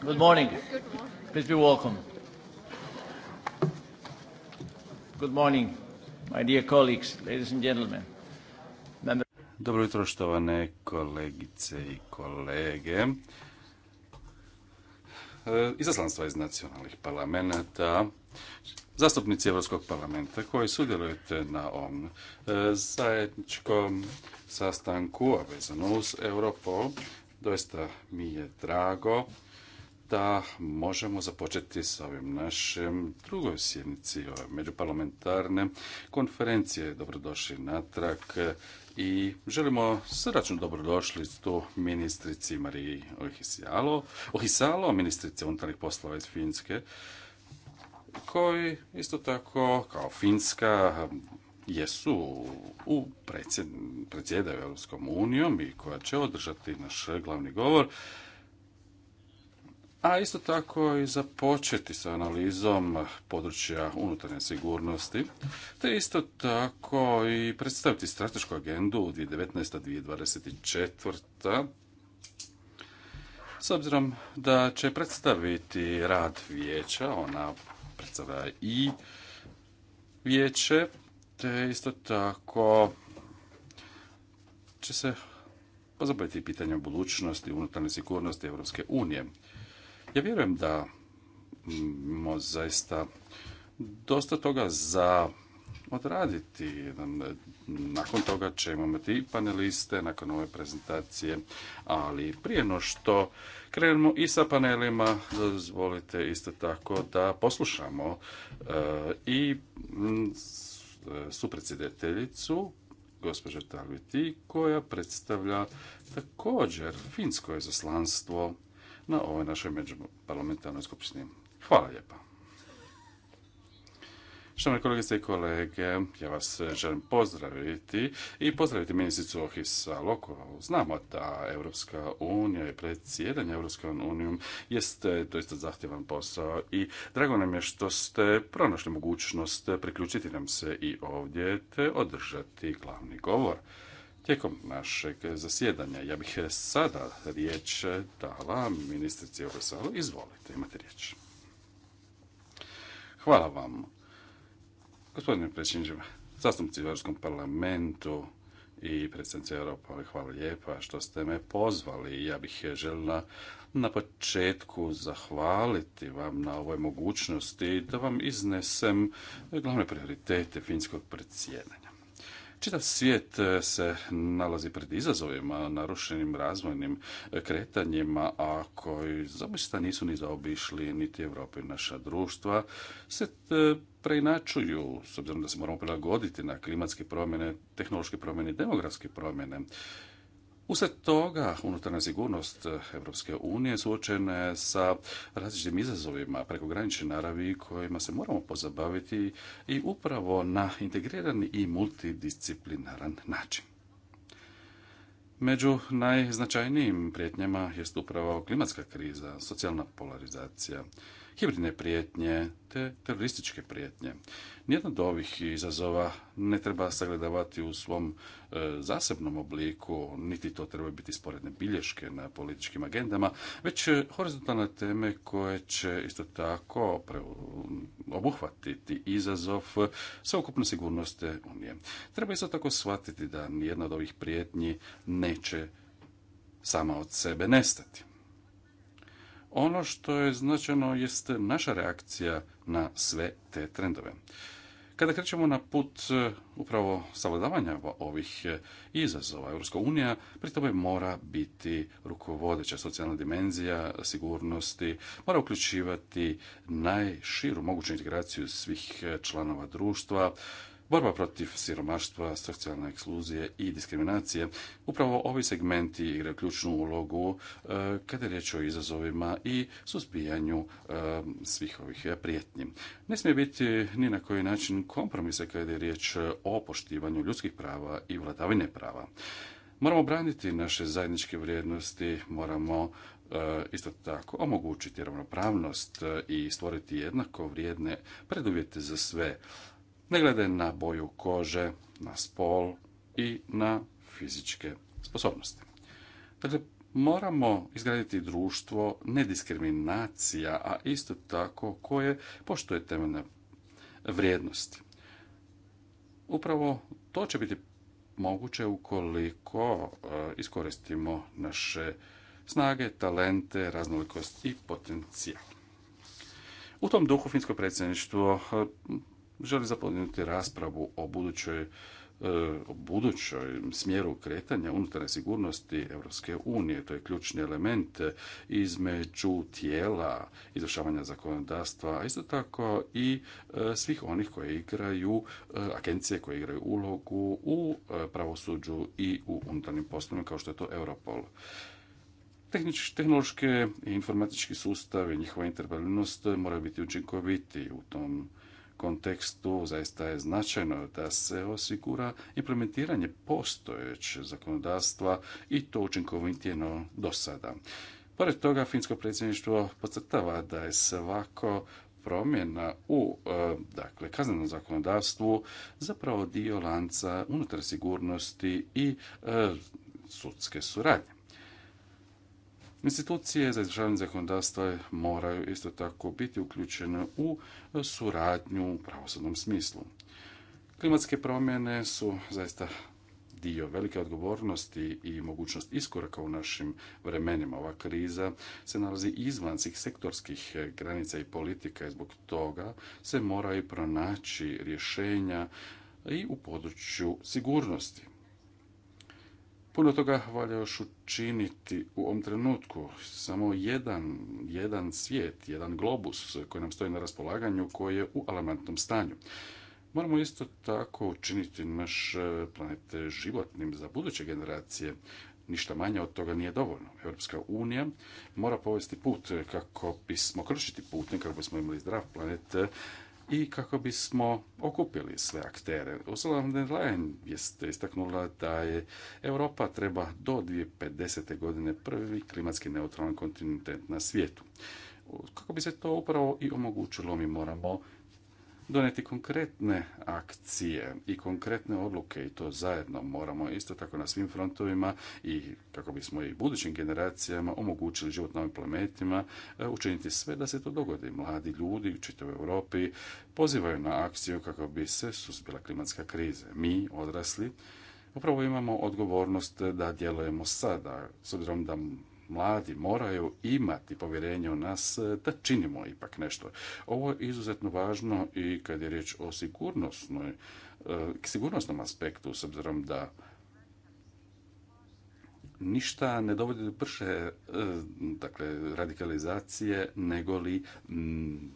Good morning. Please be welcome. Good morning, my dear colleagues, ladies and gentlemen. Dobro jutro, štovane kolegice i kolege. E, izaslanstva iz nacionalnih parlamenta, zastupnici Europskog parlamenta koji sudjelujete na ovom e, zajedničkom sastanku vezano uz Europol. Doista mi je drago da možemo započeti s ovim našem drugoj sjednici ove međuparlamentarne konferencije. Dobrodošli natrag i želimo dobrodošli dobrodošlicu ministrici Mariji Ohisalo, Ohisalo ministrici unutarnjih poslova iz Finske, koji isto tako kao Finska jesu u predsjedaju Europskom unijom i koja će održati naš glavni govor a isto tako i započeti sa analizom područja unutarnje sigurnosti, te isto tako i predstaviti stratešku agendu 2019-2024. S obzirom da će predstaviti rad vijeća, ona predstavlja i vijeće, te isto tako će se pozabaviti pitanjem budućnosti unutarnje sigurnosti Europske unije. Ja vjerujem da imamo zaista dosta toga za odraditi. Nakon toga ćemo imati i paneliste nakon ove prezentacije, ali prije no što krenemo i sa panelima, dozvolite isto tako da poslušamo eh, i mm, supredsjedateljicu gospođa Talviti koja predstavlja također finsko izaslanstvo na ovoj našoj međuparlamentarnoj skupštini. Hvala lijepa. Štovane kolegice i kolege, ja vas želim pozdraviti i pozdraviti ministricu Ohisa Lokova. Znamo da Europska unija i predsjedanje Europskom unijom eh, doista zahtjevan posao i drago nam je što ste pronašli mogućnost priključiti nam se i ovdje te održati glavni govor tijekom našeg zasjedanja. Ja bih sada riječ dala ministrici Obesalu. Izvolite, imate riječ. Hvala vam. Gospodine predsjedniče, zastupnici u Europskom parlamentu i predsjednice Europa, hvala lijepa što ste me pozvali. Ja bih željela na početku zahvaliti vam na ovoj mogućnosti da vam iznesem glavne prioritete finskog predsjedanja. Čitav svijet e, se nalazi pred izazovima, narušenim razvojnim e, kretanjima, a koji zaista nisu ni zaobišli niti Europe i naša društva, se e, preinačuju, s obzirom da se moramo prilagoditi na klimatske promjene, tehnološke promjene i demografske promjene. Usled toga, unutarnja sigurnost Europske unije suočena je sa različitim izazovima prekogranične naravi kojima se moramo pozabaviti i upravo na integrirani i multidisciplinaran način. Među najznačajnijim prijetnjama jest upravo klimatska kriza, socijalna polarizacija, hibridne prijetnje te terorističke prijetnje. nijedno od ovih izazova ne treba sagledavati u svom e, zasebnom obliku, niti to treba biti sporedne bilješke na političkim agendama, već horizontalne teme koje će isto tako obuhvatiti izazov sveukupne sigurnosti Unije. Treba isto tako shvatiti da nijedna od ovih prijetnji neće sama od sebe nestati. Ono što je značajno jest naša reakcija na sve te trendove. Kada krećemo na put e, upravo savladavanja ovih e, izazova, Europska unija pri tome mora biti rukovodeća socijalna dimenzija sigurnosti, mora uključivati najširu moguću integraciju svih e, članova društva, borba protiv siromaštva, socijalne ekskluzije i diskriminacije. Upravo ovi segmenti igraju ključnu ulogu e, kada je riječ o izazovima i suzbijanju e, svih ovih prijetnji. Ne smije biti ni na koji način kompromisa kada je riječ o poštivanju ljudskih prava i vladavine prava. Moramo braniti naše zajedničke vrijednosti, moramo e, isto tako omogućiti ravnopravnost i stvoriti jednako vrijedne preduvjete za sve ne glede na boju kože, na spol i na fizičke sposobnosti. Dakle, moramo izgraditi društvo nediskriminacija, a isto tako koje poštuje temeljne vrijednosti. Upravo to će biti moguće ukoliko e, iskoristimo naše snage, talente, raznolikost i potencijal. U tom duhu finsko predsjedništvo e, želim zapomenuti raspravu o budućoj e, o budućoj smjeru kretanja unutarnje sigurnosti Europske unije. To je ključni element između tijela izvršavanja zakonodavstva, a isto tako i e, svih onih koje igraju, e, agencije koje igraju ulogu u pravosuđu i u unutarnjim poslovima kao što je to Europol. tehnološke i informatički sustav i njihova intervalnost moraju biti učinkoviti u tom kontekstu zaista je značajno da se osigura implementiranje postojećeg zakonodavstva i to učinkovitije do sada. Pored toga, finsko predsjedništvo podcrtava da je svako promjena u e, dakle, kaznenom zakonodavstvu zapravo dio lanca unutar sigurnosti i e, sudske suradnje. Institucije za izražavanje zakonodavstva moraju isto tako biti uključene u suradnju u pravosudnom smislu. Klimatske promjene su zaista dio velike odgovornosti i mogućnost iskoraka u našim vremenima. Ova kriza se nalazi izvan svih sektorskih granica i politika i zbog toga se moraju pronaći rješenja i u području sigurnosti. Puno toga valja još učiniti u ovom trenutku. Samo jedan, jedan svijet, jedan globus koji nam stoji na raspolaganju, koji je u alarmantnom stanju. Moramo isto tako učiniti naš e, planet životnim za buduće generacije. Ništa manje od toga nije dovoljno. Europska unija mora povesti put kako bismo kršiti put, kako bismo imali zdrav planet i kako bismo okupili sve aktere. Ursula von der je istaknula da je Europa treba do 2050. godine prvi klimatski neutralan kontinent na svijetu. Kako bi se to upravo i omogućilo, mi moramo Doneti konkretne akcije i konkretne odluke i to zajedno moramo isto tako na svim frontovima i kako bismo i budućim generacijama omogućili život na ovim planetima e, učiniti sve da se to dogodi. Mladi ljudi u čitavoj Europi pozivaju na akciju kako bi se suzbila klimatska kriza. Mi, odrasli, upravo imamo odgovornost da djelujemo sada, s obzirom da mladi moraju imati povjerenje u nas e, da činimo ipak nešto. Ovo je izuzetno važno i kad je riječ o sigurnosnoj, e, sigurnosnom aspektu, s obzirom da ništa ne dovodi do prše e, dakle, radikalizacije nego li mm,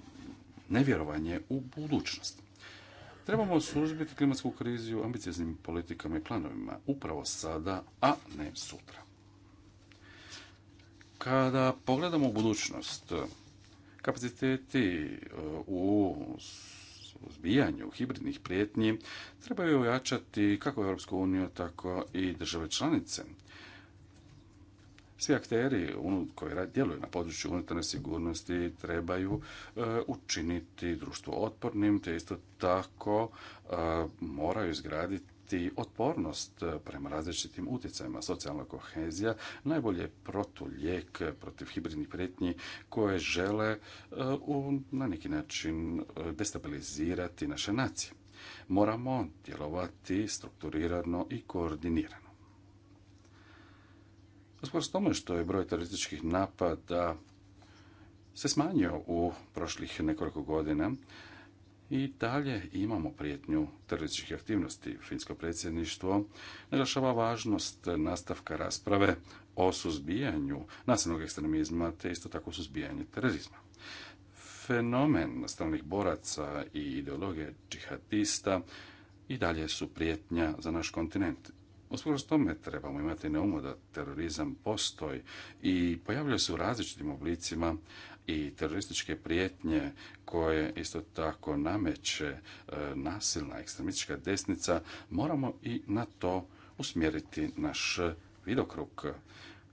nevjerovanje u budućnost. Trebamo suzbiti klimatsku krizu ambicioznim politikama i planovima upravo sada, a ne sutra. Kada pogledamo budućnost, kapaciteti e, u uzbijanju hibridnih prijetnji trebaju ojačati kako Europsku uniju, tako i države članice. Svi akteri koji djeluju na području unutarnje sigurnosti trebaju e, učiniti društvo otpornim, te isto tako e, moraju izgraditi otpornost eh, prema različitim utjecajima. Socijalna kohezija najbolje je lijek, protiv hibridnih prijetnji koje žele eh, na neki način eh, destabilizirati naše nacije. Moramo djelovati strukturirano i koordinirano. Usprkos tome što je broj terorističkih napada se smanjio u prošlih nekoliko godina, i dalje imamo prijetnju terorističkih aktivnosti. Finsko predsjedništvo naglašava važnost nastavka rasprave o suzbijanju nasilnog ekstremizma te isto tako suzbijanju terorizma. Fenomen stranih boraca i ideologije džihadista i dalje su prijetnja za naš kontinent. s tome trebamo imati na umu da terorizam postoji i pojavljuje se u različitim oblicima, i terorističke prijetnje koje isto tako nameće e, nasilna ekstremistička desnica, moramo i na to usmjeriti naš vidokrug.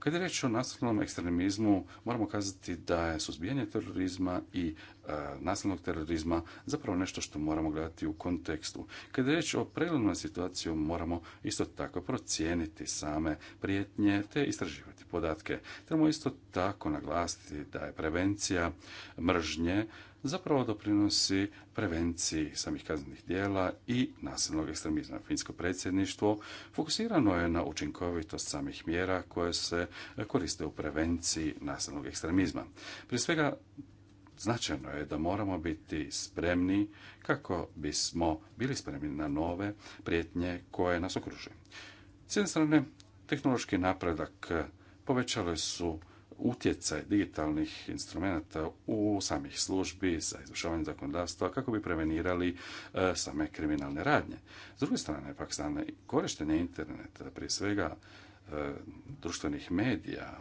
Kad je reč o nasilnom ekstremizmu, moramo kazati da je suzbijanje terorizma i e, nasilnog terorizma zapravo nešto što moramo gledati u kontekstu. Kad je reč o preglednom situaciji, moramo isto tako procijeniti same prijetnje te istraživati podatke. Trebamo isto tako naglasiti da je prevencija mržnje zapravo doprinosi prevenciji samih kaznenih dijela i nasilnog ekstremizma. Finsko predsjedništvo fokusirano je na učinkovitost samih mjera koje se koriste u prevenciji nasilnog ekstremizma. Prije svega, značajno je da moramo biti spremni kako bismo bili spremni na nove prijetnje koje nas okružuju. S jedne strane, tehnološki napredak povećale su utjecaj digitalnih instrumenata u samih službi za izvršavanje zakonodavstva kako bi prevenirali e, same kriminalne radnje. S druge strane, pak strane korištenje interneta, prije svega e, društvenih medija,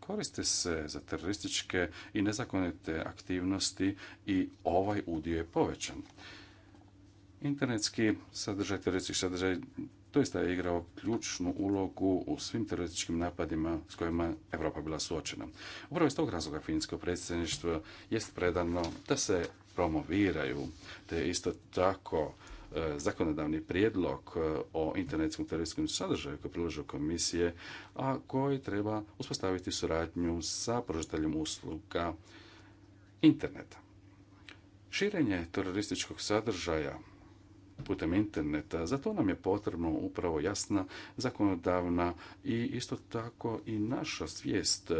koriste se za terorističke i nezakonite aktivnosti i ovaj udio je povećan. Internetski sadržaj, terorističkih sadržaj doista je igrao ključnu ulogu u svim terorističkim napadima s kojima Europa bila suočena. Upravo iz tog razloga finsko predsjedništvo jest predano da se promoviraju, te isto tako e, zakonodavni prijedlog e, o internetskom terorističkom sadržaju koji priložu komisije, a koji treba uspostaviti suradnju sa pružateljem usluga interneta. Širenje terorističkog sadržaja putem interneta. Za to nam je potrebno upravo jasna zakonodavna i isto tako i naša svijest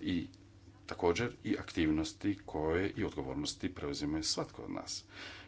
i također i aktivnosti koje i odgovornosti preuzimaju svatko od nas.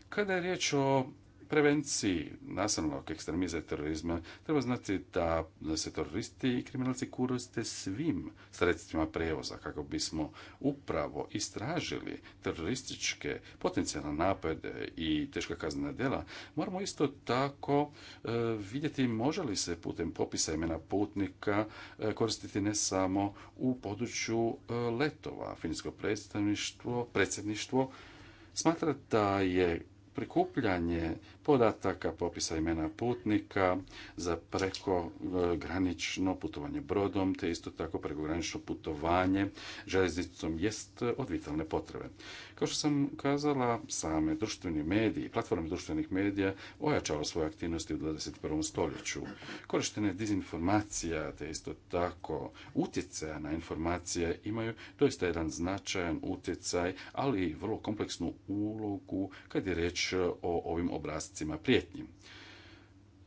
Kada je riječ o prevenciji nasilnog ekstremizma i terorizma treba znati da se teroristi i kriminalci koriste svim sredstvima prijevoza kako bismo upravo istražili terorističke potencijalne napade i teška kaznena djela. Moramo isto tako e, vidjeti može li se putem popisa imena putnika e, koristiti ne samo u području e, letova. Finsko predstavništvo, predsjedništvo smatra da je prikupljanje podataka, popisa imena putnika za prekogranično e, putovanje brodom, te isto tako prekogranično putovanje željeznicom jest od vitalne potrebe. Kao što sam kazala, same društveni mediji, platforme društvenih medija ojačalo svoje aktivnosti u 21. stoljeću. Korištenje dezinformacija, te isto tako utjecaja na informacije imaju doista jedan značajan utjecaj, ali i vrlo kompleksnu ulogu kad je reč E, o ovim obrazcima prijetnji.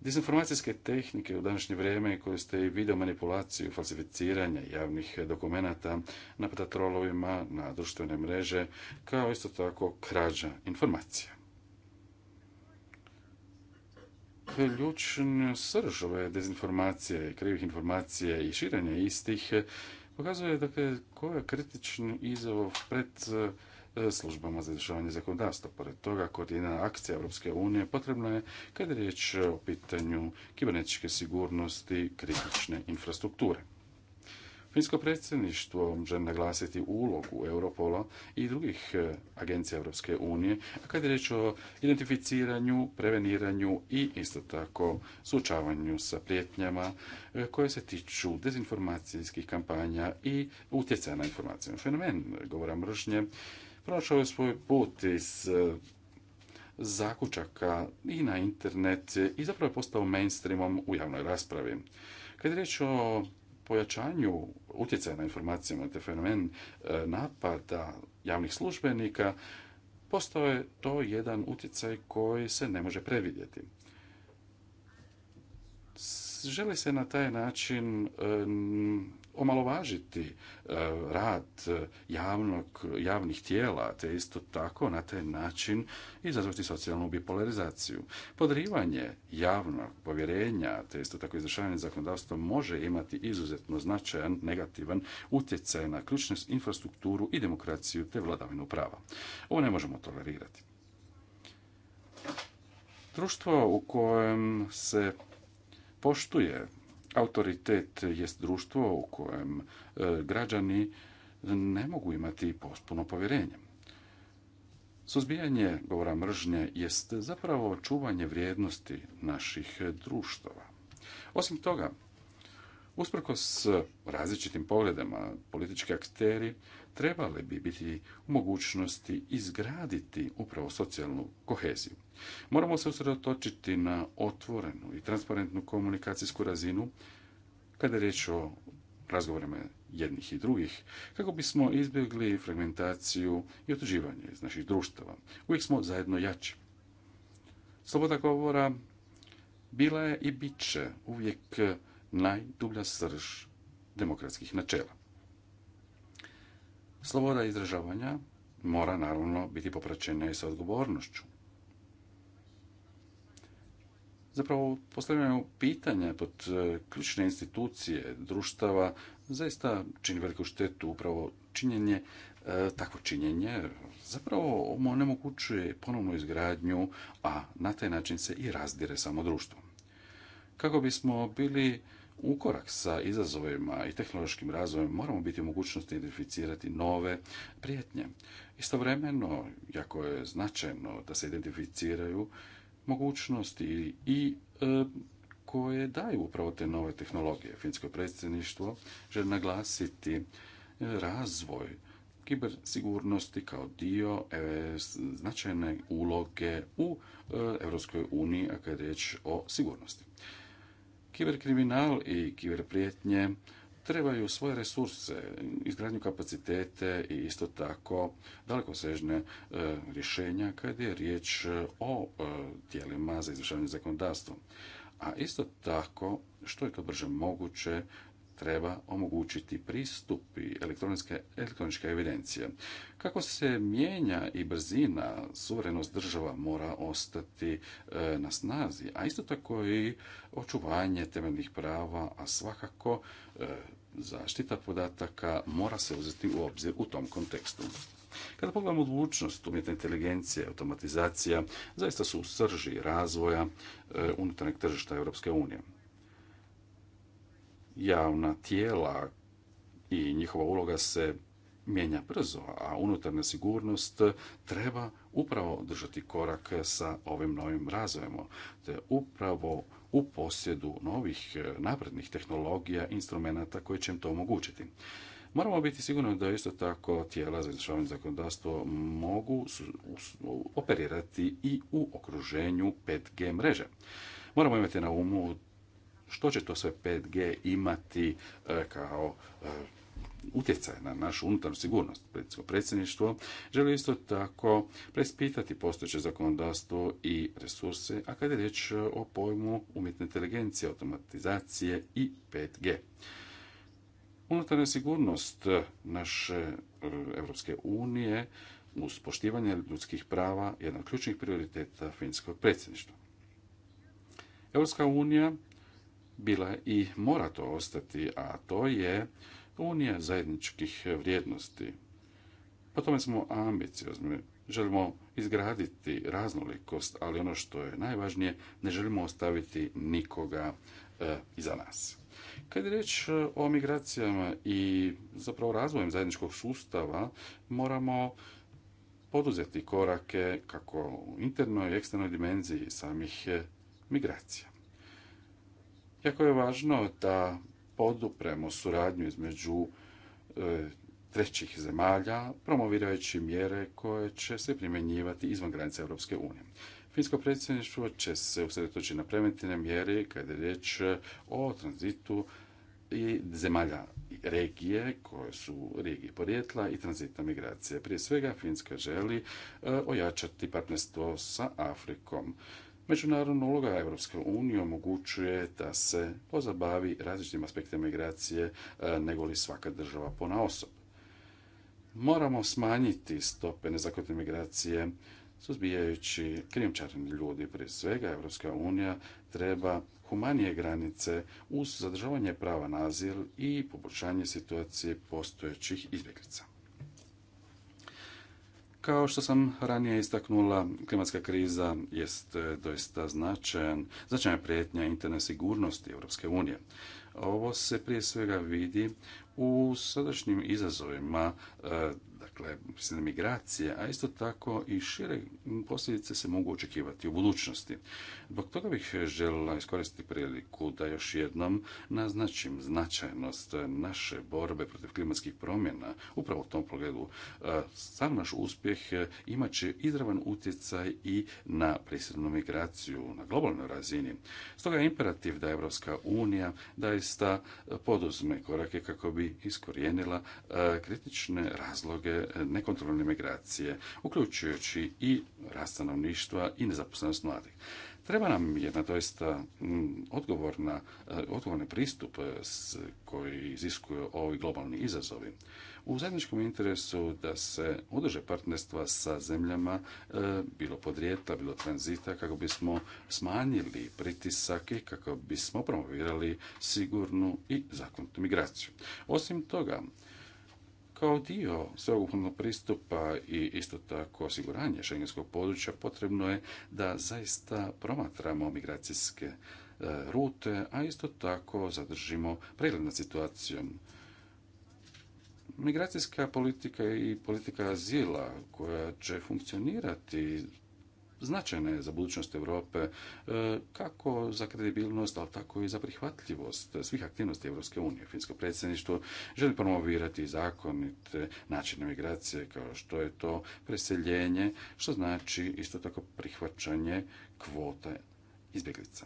Dezinformacijske tehnike u današnje vrijeme koje ste i video manipulaciju, falsificiranje javnih dokumenata, na patatrolovima, na društvene mreže, kao isto tako krađa informacija. Ključne srž ove dezinformacije, krivih informacije i širenje istih pokazuje da dakle, koja kritični izazov pred E, službama za izvršavanje zakonodavstva. Pored toga, koordinirana akcija Europske unije potrebna je kada je riječ e, o pitanju kibernetičke sigurnosti kritične infrastrukture. Finsko predsjedništvo želi naglasiti ulogu Europola i drugih e, agencija Europske unije, a kad je riječ o identificiranju, preveniranju i isto tako suočavanju sa prijetnjama koje se tiču dezinformacijskih kampanja i utjecaja na informaciju. Fenomen govora mržnje prošao je svoj put iz e, zakučaka i na internet i zapravo je postao mainstreamom u javnoj raspravi. Kad je riječ o pojačanju utjecaja na informacije te fenomen e, napada javnih službenika, postao je to jedan utjecaj koji se ne može previdjeti. Želi se na taj način e, omalovažiti e, rad e, javnog, javnih tijela, te isto tako na taj način izazvati socijalnu bipolarizaciju. Podrivanje javnog povjerenja, te isto tako izvršavanje zakonodavstva može imati izuzetno značajan negativan utjecaj na ključnu infrastrukturu i demokraciju te vladavinu prava. Ovo ne možemo tolerirati. Društvo u kojem se poštuje Autoritet jest društvo u kojem e, građani ne mogu imati potpuno povjerenje. Suzbijanje govora mržnje jest zapravo čuvanje vrijednosti naših društava. Osim toga, Usprkos različitim pogledama, politički akteri trebali bi biti u mogućnosti izgraditi upravo socijalnu koheziju. Moramo se usredotočiti na otvorenu i transparentnu komunikacijsku razinu kada je riječ o razgovorima jednih i drugih, kako bismo izbjegli fragmentaciju i otuživanje iz naših društava. Uvijek smo zajedno jači. Sloboda govora bila je i bit će uvijek najdublja srž demokratskih načela. Sloboda izražavanja mora naravno biti popraćena i sa odgovornošću. Zapravo postavljamo pitanja pod e, ključne institucije društava zaista čini veliku štetu upravo činjenje, e, takvo činjenje zapravo ono onemogućuje ponovnu izgradnju, a na taj način se i razdire samo društvo. Kako bismo bili u korak sa izazovima i tehnološkim razvojem moramo biti u mogućnosti identificirati nove prijetnje. Istovremeno, jako je značajno da se identificiraju mogućnosti i e, koje daju upravo te nove tehnologije. Finsko predsjedništvo želi naglasiti e, razvoj kibersigurnosti kao dio e, značajne uloge u EU uniji, a kada je riječ o sigurnosti. Kiberkriminal i kiberprijetnje trebaju svoje resurse, izgradnju kapacitete i isto tako dalekosežne e, rješenja kad je riječ e, o e, tijelima za izvršavanje zakonodavstva. A isto tako, što je to brže moguće, treba omogućiti pristup i elektroničke evidencije. Kako se mijenja i brzina, suverenost država mora ostati e, na snazi, a isto tako i očuvanje temeljnih prava, a svakako e, zaštita podataka mora se uzeti u obzir u tom kontekstu. Kada pogledamo odlučnost umjetne inteligencije, automatizacija, zaista su u srži razvoja e, unutarnjeg tržišta Europske unije javna tijela i njihova uloga se mijenja brzo, a unutarnja sigurnost treba upravo držati korak sa ovim novim razvojem, te upravo u posjedu novih e, naprednih tehnologija i instrumenata koji će im to omogućiti. Moramo biti sigurni da isto tako tijela za izvršavanje zakonodavstvo mogu operirati i u okruženju 5G mreže. Moramo imati na umu što će to sve 5G imati e, kao e, utjecaj na našu unutarnju sigurnost. Recimo, predsjedništvo želi isto tako prespitati postojeće zakonodavstvo i resurse, a kada je riječ o pojmu umjetne inteligencije, automatizacije i 5G. Unutarnja sigurnost naše e, Europske unije uz poštivanje ljudskih prava jedan od ključnih prioriteta finskog predsjedništva. Europska unija bila i mora to ostati, a to je unija zajedničkih vrijednosti. Po tome smo ambiciozni. Želimo izgraditi raznolikost, ali ono što je najvažnije, ne želimo ostaviti nikoga e, iza nas. Kad je riječ e, o migracijama i zapravo razvojem zajedničkog sustava, moramo poduzeti korake kako u internoj i eksternoj dimenziji samih e, migracija. Jako je važno da podupremo suradnju između e, trećih zemalja, promovirajući mjere koje će se primjenjivati izvan granica Europske unije. Finsko predsjedništvo će se usredotočiti na preventivne mjere kada je riječ e, o tranzitu i zemalja regije koje su regije porijetla i tranzitna migracija. Prije svega Finska želi e, ojačati partnerstvo sa Afrikom. Međunarodna uloga Europske unije omogućuje da se pozabavi različitim aspektima migracije e, nego li svaka država osob. Moramo smanjiti stope nezakonite migracije suzbijajući krijumčarni ljudi. Prije svega, Europska unija treba humanije granice uz zadržavanje prava na azil i poboljšanje situacije postojećih izbjeglica. Kao što sam ranije istaknula, klimatska kriza jest e, doista značajan, značajna prijetnja interne sigurnosti Europske unije. Ovo se prije svega vidi u sadašnjim izazovima e, dakle, migracije, a isto tako i šire posljedice se mogu očekivati u budućnosti. Zbog toga bih željela iskoristiti priliku da još jednom naznačim značajnost naše borbe protiv klimatskih promjena. Upravo u tom pogledu e, sam naš uspjeh e, imat će izravan utjecaj i na prisilnu migraciju na globalnoj razini. Stoga je imperativ da Evropska unija daista poduzme korake kako bi iskorijenila e, kritične razloge nekontrolne migracije, uključujući i rast stanovništva i nezaposlenost mladih. Treba nam jedna doista odgovorna, e, odgovorni pristup e, koji iziskuju ovi globalni izazovi u zajedničkom interesu da se održe partnerstva sa zemljama, e, bilo podrijeta, bilo tranzita, kako bismo smanjili pritisak i kako bismo promovirali sigurnu i zakonitu migraciju. Osim toga, kao dio sveobuhvatnog pristupa i isto tako osiguranje šengenskog područja potrebno je da zaista promatramo migracijske e, rute, a isto tako zadržimo pregled nad situacijom Migracijska politika i politika azila koja će funkcionirati značajna je za budućnost Europe e, kako za kredibilnost, ali tako i za prihvatljivost svih aktivnosti Europske unije. Finsko predsjedništvo želi promovirati zakonite načine migracije kao što je to preseljenje, što znači isto tako prihvaćanje kvote izbjeglica.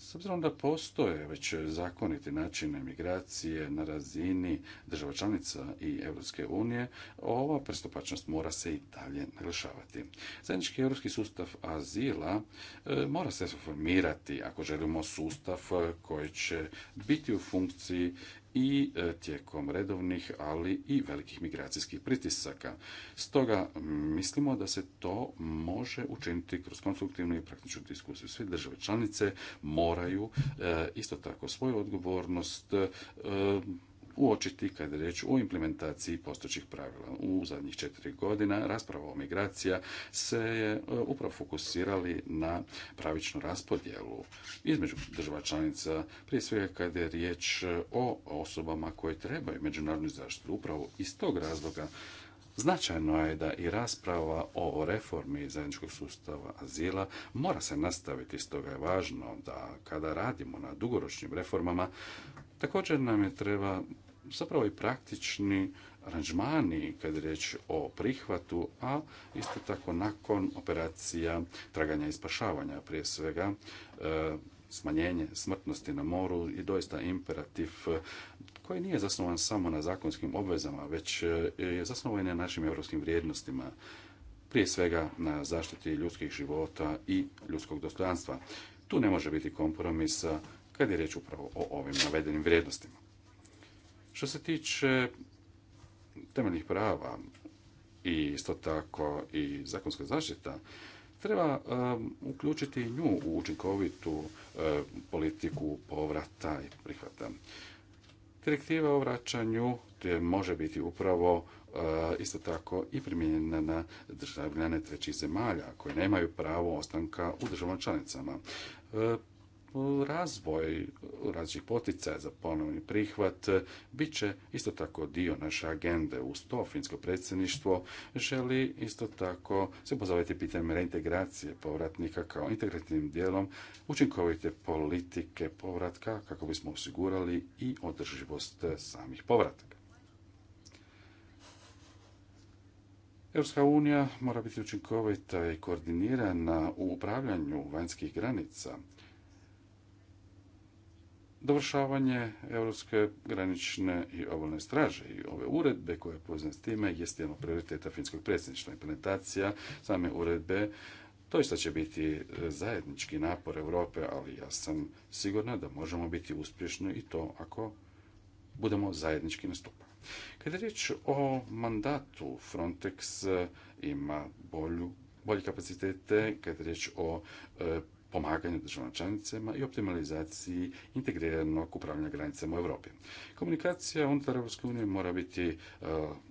S obzirom da postoje već zakoniti način migracije na razini država članica i Europske unije, ova pristupačnost mora se i dalje naglašavati. Zajednički europski sustav azila e, mora se formirati ako želimo sustav e, koji će biti u funkciji i e, tijekom redovnih, ali i velikih migracijskih pritisaka. Stoga mm, mislimo da se to može učiniti kroz konstruktivnu i praktičnu diskusiju. Sve države članice moraju e, isto tako svoju odgovornost e, uočiti kada je riječ o implementaciji postojećih pravila. U zadnjih četiri godina rasprava o migracija se je e, upravo fokusirali na pravičnu raspodjelu između država članica, prije svega kada je riječ e, o osobama koje trebaju međunarodnu zaštitu. Upravo iz tog razloga Značajno je da i rasprava o reformi zajedničkog sustava azila mora se nastaviti, stoga je važno da kada radimo na dugoročnim reformama Također nam je treba zapravo i praktični aranžmani kad je riječ o prihvatu, a isto tako nakon operacija traganja i spašavanja prije svega e, smanjenje smrtnosti na moru i doista imperativ e, koji nije zasnovan samo na zakonskim obvezama, već e, je zasnovan na našim europskim vrijednostima prije svega na zaštiti ljudskih života i ljudskog dostojanstva. Tu ne može biti kompromisa kad je riječ upravo o ovim navedenim vrijednostima. Što se tiče temeljnih prava i isto tako i zakonska zaštita, treba uključiti um, uključiti nju u učinkovitu um, politiku povrata i prihvata. Direktiva o vraćanju može biti upravo uh, isto tako i primijenjena na državljane trećih zemalja koje nemaju pravo ostanka u državama članicama. Uh, razvoj različitih poticaja za ponovni prihvat bit će isto tako dio naše agende. Uz to finsko predsjedništvo želi isto tako se pozoviti pitanjem reintegracije povratnika kao integrativnim dijelom učinkovite politike povratka kako bismo osigurali i održivost samih povrataka. Europska unija mora biti učinkovita i koordinirana u upravljanju vanjskih granica Dovršavanje Europske granične i obalne straže i ove uredbe koje je povezane s time jest jedan prioriteta finskog predsjedništva. Implementacija same uredbe To isto će biti e, zajednički napor Europe, ali ja sam sigurna da možemo biti uspješni i to ako budemo zajednički nastupali. Kada je riječ o mandatu, Frontex e, ima bolje kapacitete, kada je riječ o e, pomaganju državama članicama i optimalizaciji integriranog upravljanja granicama u Europi. Komunikacija unutar Europske unije mora biti e,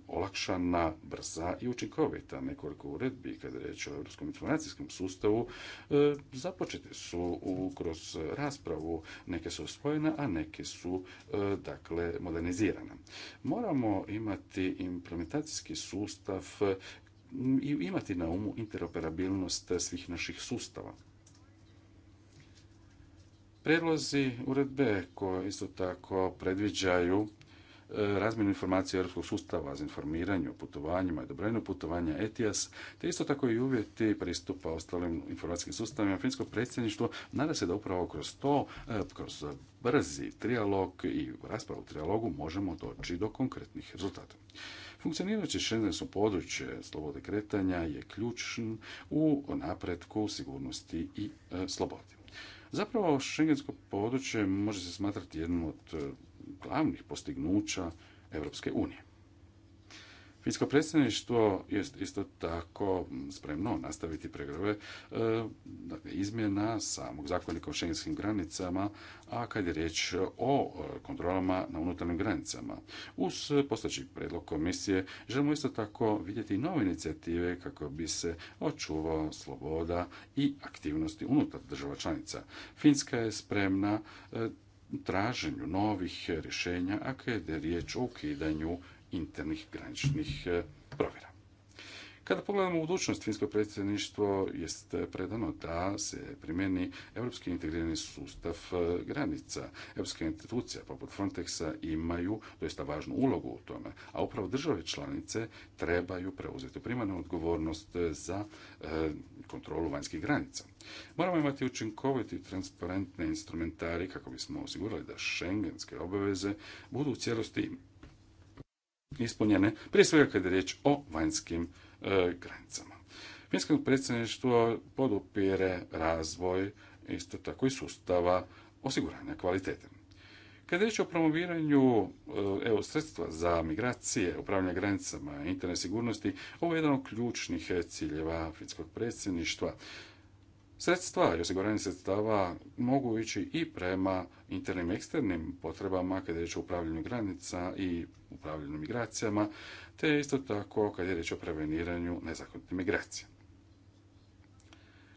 olakšana, brza i učinkovita. Nekoliko uredbi, kada je riječ o Europskom informacijskom sustavu, e, započete su kroz raspravu. Neke su osvojene, a neke su e, dakle modernizirane. Moramo imati implementacijski sustav i imati na umu interoperabilnost svih naših sustava. Predlozi uredbe koje isto tako predviđaju e, razmjenu informacije europskog sustava za informiranje o putovanjima i odobrenju putovanja ETIAS, te isto tako i uvjeti pristupa ostalim informacijskim sustavima. Finsko predsjedništvo nada se da upravo kroz to, e, kroz brzi trijalog i raspravu u trijalogu možemo doći do konkretnih rezultata. funkcioniranje u područje slobode kretanja je ključan u napretku sigurnosti i e, slobodi. Zapravo, šengensko područje može se smatrati jednom od eh, glavnih postignuća Europske unije. Finsko predsjedništvo je isto tako spremno nastaviti pregrove dakle, izmjena samog zakonika o šengenskim granicama, a kad je riječ o e, kontrolama na unutarnjim granicama. Uz postojeći predlog komisije želimo isto tako vidjeti nove inicijative kako bi se očuvao sloboda i aktivnosti unutar država članica. Finska je spremna e, traženju novih rješenja, a kad je riječ o ukidanju internih graničnih e, provjera. Kada pogledamo u budućnost, finsko predsjedništvo jest predano da se primjeni europski integrirani sustav e, granica. Europska institucija poput Frontexa imaju doista važnu ulogu u tome, a upravo države članice trebaju preuzeti primarnu odgovornost za e, kontrolu vanjskih granica. Moramo imati učinkoviti i transparentne instrumentari kako bismo osigurali da šengenske obaveze budu u cijelosti ispunjene, prije svega kada je riječ o vanjskim e, granicama. Finsko predsjedništvo podupire razvoj isto tako i sustava osiguranja kvalitete. Kada je riječ o promoviranju EU sredstva za migracije, upravljanje granicama i interne sigurnosti, ovo je jedan od ključnih ciljeva finskog predsjedništva sredstva i osiguranje sredstava mogu ići i prema internim i eksternim potrebama kada je riječ o upravljanju granica i upravljanju migracijama, te isto tako kada je riječ o preveniranju nezakonitih migracija.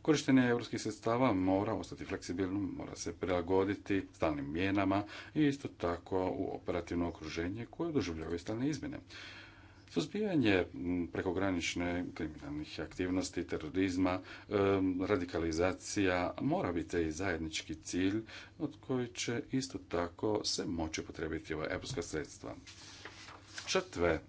Korištenje europskih sredstava mora ostati fleksibilno, mora se prilagoditi stalnim mjenama i isto tako u operativno okruženje koje doživljavaju stalne izmjene. Suzbijanje prekogranične kriminalnih aktivnosti, terorizma, radikalizacija mora biti i zajednički cilj od koji će isto tako se moći potrebiti ova sredstva. Žrtve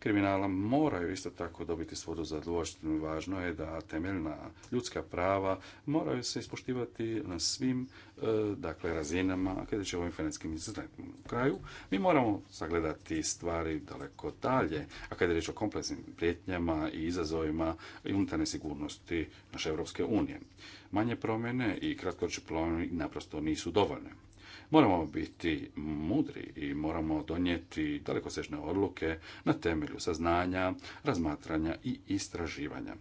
kriminala moraju isto tako dobiti svodu za zadovoljštinu. Važno je da temeljna ljudska prava moraju se ispoštivati na svim e, dakle, razinama kada će ovim financijskim incidentima. U kraju mi moramo sagledati stvari daleko dalje, a kada je riječ o kompleksnim prijetnjama i izazovima i unutarnje sigurnosti naše Europske unije. Manje promjene i kratkoročni plovine naprosto nisu dovoljne. Moramo biti mudri i moramo donijeti dalekosežne odluke na temelju saznanja, razmatranja i istraživanja.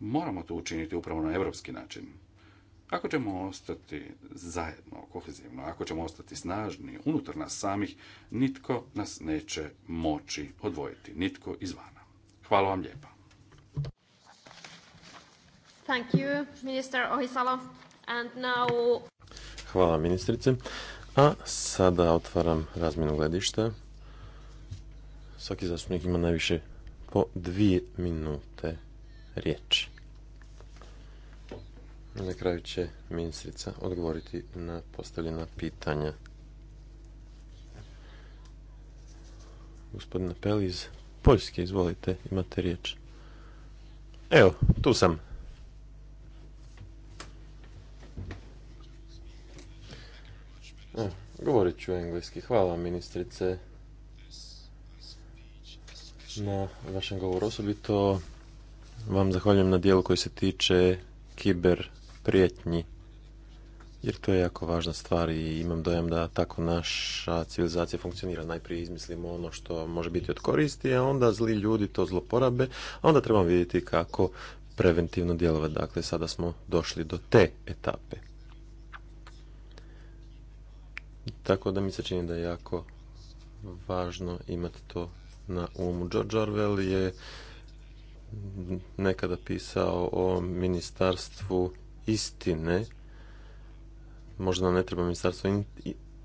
Moramo to učiniti upravo na europski način. Ako ćemo ostati zajedno, kohezivno, ako ćemo ostati snažni unutar nas samih, nitko nas neće moći odvojiti, nitko izvana. Hvala vam lijepa. Thank you, Minister Ohisalo. And now... Hvala ministrice. A sada otvaram razmjenu gledišta. Svaki zastupnik ima najviše po dvije minute riječi. Na kraju će ministrica odgovoriti na postavljena pitanja. Gospodina Peli iz Poljske, izvolite, imate riječ. Evo, tu sam. E, govorit ću engleski. Hvala ministrice na vašem govoru. Osobito vam zahvaljujem na dijelu koji se tiče kiber prijetnji. Jer to je jako važna stvar i imam dojam da tako naša civilizacija funkcionira. Najprije izmislimo ono što može biti od koristi, a onda zli ljudi to zloporabe, a onda trebamo vidjeti kako preventivno djelovati. Dakle, sada smo došli do te etape. Tako da mi se čini da je jako važno imati to na umu. George Orwell je nekada pisao o ministarstvu istine. Možda ne treba ministarstvo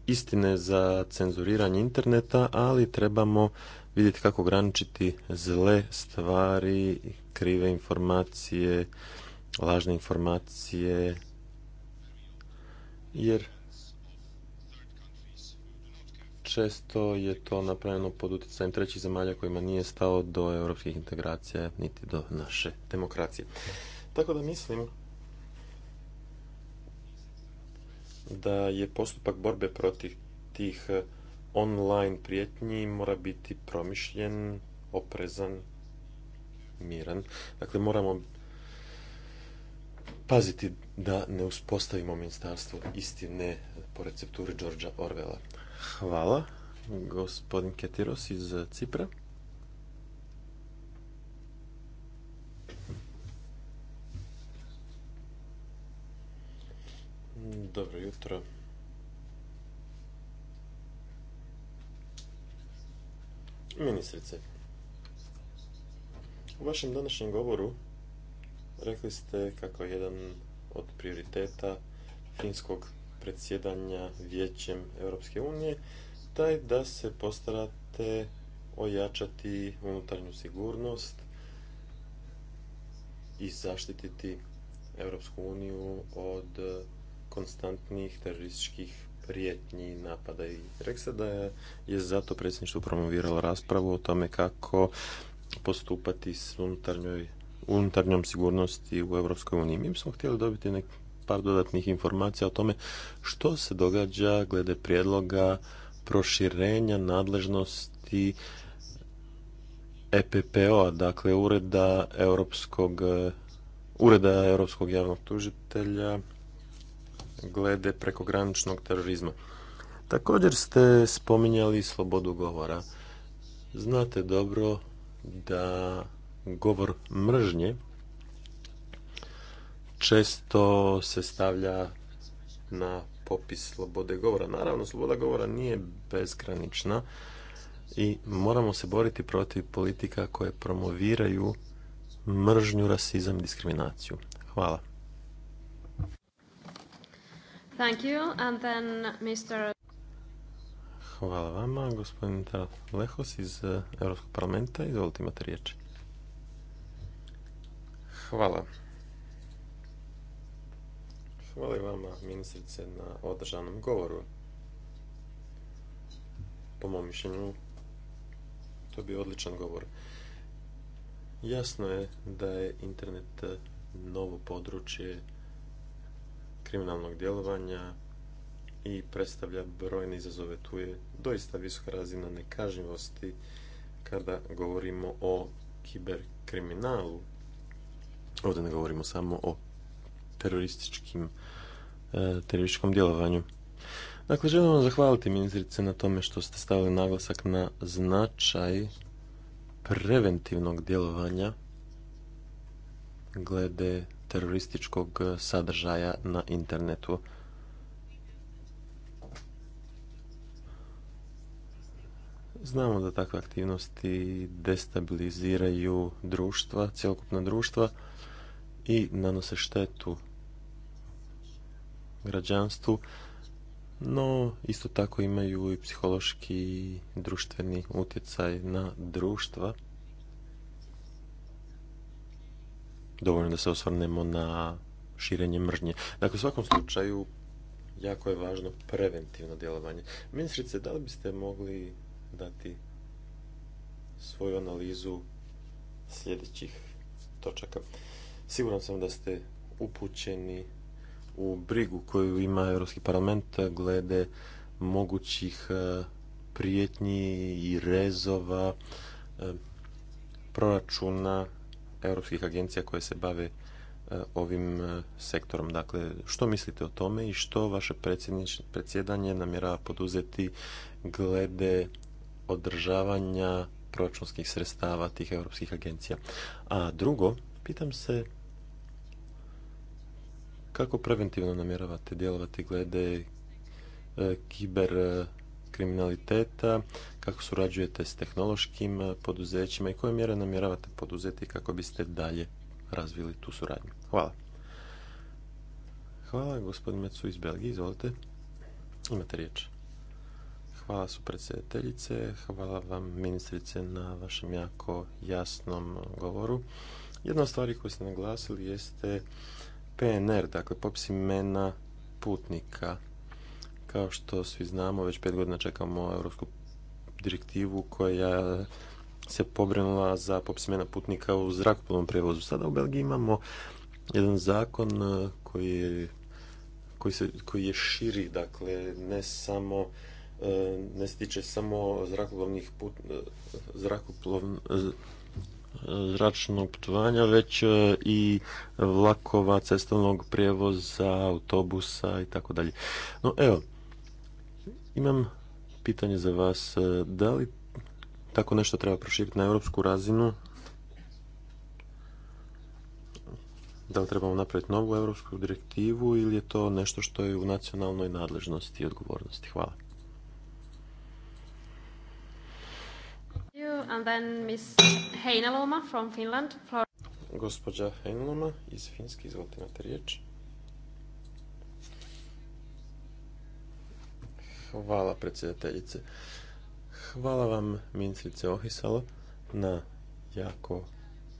istine za cenzuriranje interneta, ali trebamo vidjeti kako ograničiti zle stvari, krive informacije, lažne informacije, jer često je to napravljeno pod utjecajem trećih zemalja kojima nije stalo do europskih integracija niti do naše demokracije. Tako da mislim da je postupak borbe protiv tih eh, online prijetnji mora biti promišljen, oprezan, miran. Dakle, moramo paziti da ne uspostavimo ministarstvo istine po recepturi Đorđa Orvela. Hvala. Gospodin Ketiros iz Cipra. Dobro jutro. Ministrice, u vašem današnjem govoru rekli ste kako jedan od prioriteta finskog predsjedanja Vijećem Europske unije, taj da se postarate ojačati unutarnju sigurnost i zaštititi Europsku uniju od konstantnih terorističkih prijetnji napada i rekli da je, zato predsjedništvo promoviralo raspravu o tome kako postupati s unutarnjoj unutarnjom sigurnosti u Europskoj uniji. Mi smo htjeli dobiti neku par dodatnih informacija o tome što se događa glede prijedloga proširenja nadležnosti EPPO, dakle Ureda Europskog, Ureda Europskog javnog tužitelja glede prekograničnog terorizma. Također ste spominjali slobodu govora. Znate dobro da govor mržnje često se stavlja na popis slobode govora. Naravno, sloboda govora nije bezgranična i moramo se boriti protiv politika koje promoviraju mržnju, rasizam i diskriminaciju. Hvala. Thank you. And then Mr. Hvala vama, gospodin Lehos iz eh, Europskog parlamenta. Izvolite imate riječ. Hvala. Hvala i vama, ministrice, na održanom govoru. Po mom mišljenju, to bi odličan govor. Jasno je da je internet novo područje kriminalnog djelovanja i predstavlja brojne izazove. Tu je doista visoka razina nekažnjivosti kada govorimo o kiberkriminalu. Ovdje ne govorimo samo o terorističkim E, terorističkom djelovanju. Dakle, želim vam zahvaliti ministrice na tome što ste stavili naglasak na značaj preventivnog djelovanja glede terorističkog sadržaja na internetu. Znamo da takve aktivnosti destabiliziraju društva, cjelokupna društva i nanose štetu građanstvu, no isto tako imaju i psihološki i društveni utjecaj na društva. Dovoljno da se osvrnemo na širenje mržnje. Dakle, u svakom slučaju, jako je važno preventivno djelovanje. Ministrice, da li biste mogli dati svoju analizu sljedećih točaka? Siguran sam da ste upućeni u brigu koju ima Europski parlament glede mogućih e, prijetnji i rezova e, proračuna europskih agencija koje se bave e, ovim sektorom. Dakle, što mislite o tome i što vaše predsjedanje namjerava poduzeti glede održavanja proračunskih sredstava tih europskih agencija? A drugo, pitam se kako preventivno namjeravate djelovati glede e, kiber e, kriminaliteta, kako surađujete s tehnološkim e, poduzećima i koje mjere namjeravate poduzeti kako biste dalje razvili tu suradnju. Hvala. Hvala, gospodine Mecu iz Belgije, izvolite. Imate riječ. Hvala su predsjedateljice, hvala vam ministrice na vašem jako jasnom govoru. Jedna od stvari koju ste naglasili jeste PNR, dakle popis imena putnika. Kao što svi znamo, već pet godina čekamo Europsku direktivu koja se pobrinula za popis imena putnika u zrakoplovnom prijevozu. Sada u Belgiji imamo jedan zakon e, koji je, koji se, koji je širi, dakle ne samo e, ne se tiče samo zrakoplovnih put, e, zračnog putovanja, već e, i vlakova, cestovnog prijevoza, autobusa i tako dalje. No evo, imam pitanje za vas. E, da li tako nešto treba proširiti na europsku razinu? Da li trebamo napraviti novu europsku direktivu ili je to nešto što je u nacionalnoj nadležnosti i odgovornosti? Hvala. And then from Finland. Gospođa Heinaloma iz finskih izvolite imate riječ. Hvala predsjedateljice. Hvala vam ministrice Ohisalo na jako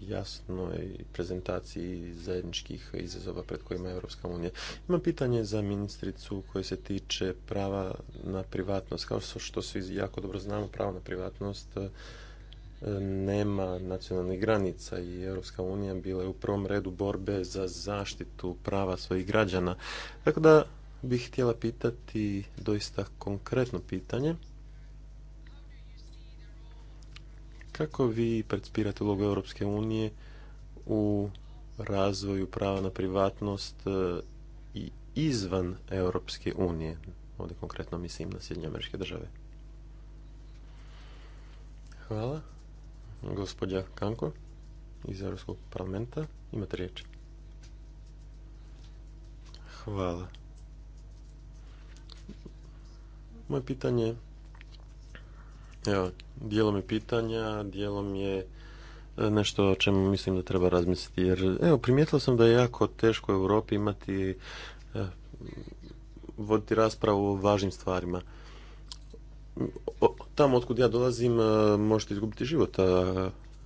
jasnoj prezentaciji zajedničkih izazova pred kojima je Europska unija. Imam pitanje za ministricu koje se tiče prava na privatnost. Kao što svi jako dobro znamo, pravo na privatnost e, nema nacionalnih granica i Europska unija bila je u prvom redu borbe za zaštitu prava svojih građana. Tako da bih htjela pitati doista konkretno pitanje Kako vi predspirate ulogu Europske unije u razvoju prava na privatnost e, i izvan Europske unije? Ovdje konkretno mislim na Sjedinje američke države. Hvala. Gospodja Kanko iz Europskog parlamenta. Imate riječ. Hvala. Moje pitanje Evo, dijelom je pitanja, dijelom je e, nešto o čemu mislim da treba razmisliti. Jer, evo, primijetio sam da je jako teško u Europi imati, eh, voditi raspravu o važnim stvarima. O, tamo otkud ja dolazim e, možete izgubiti život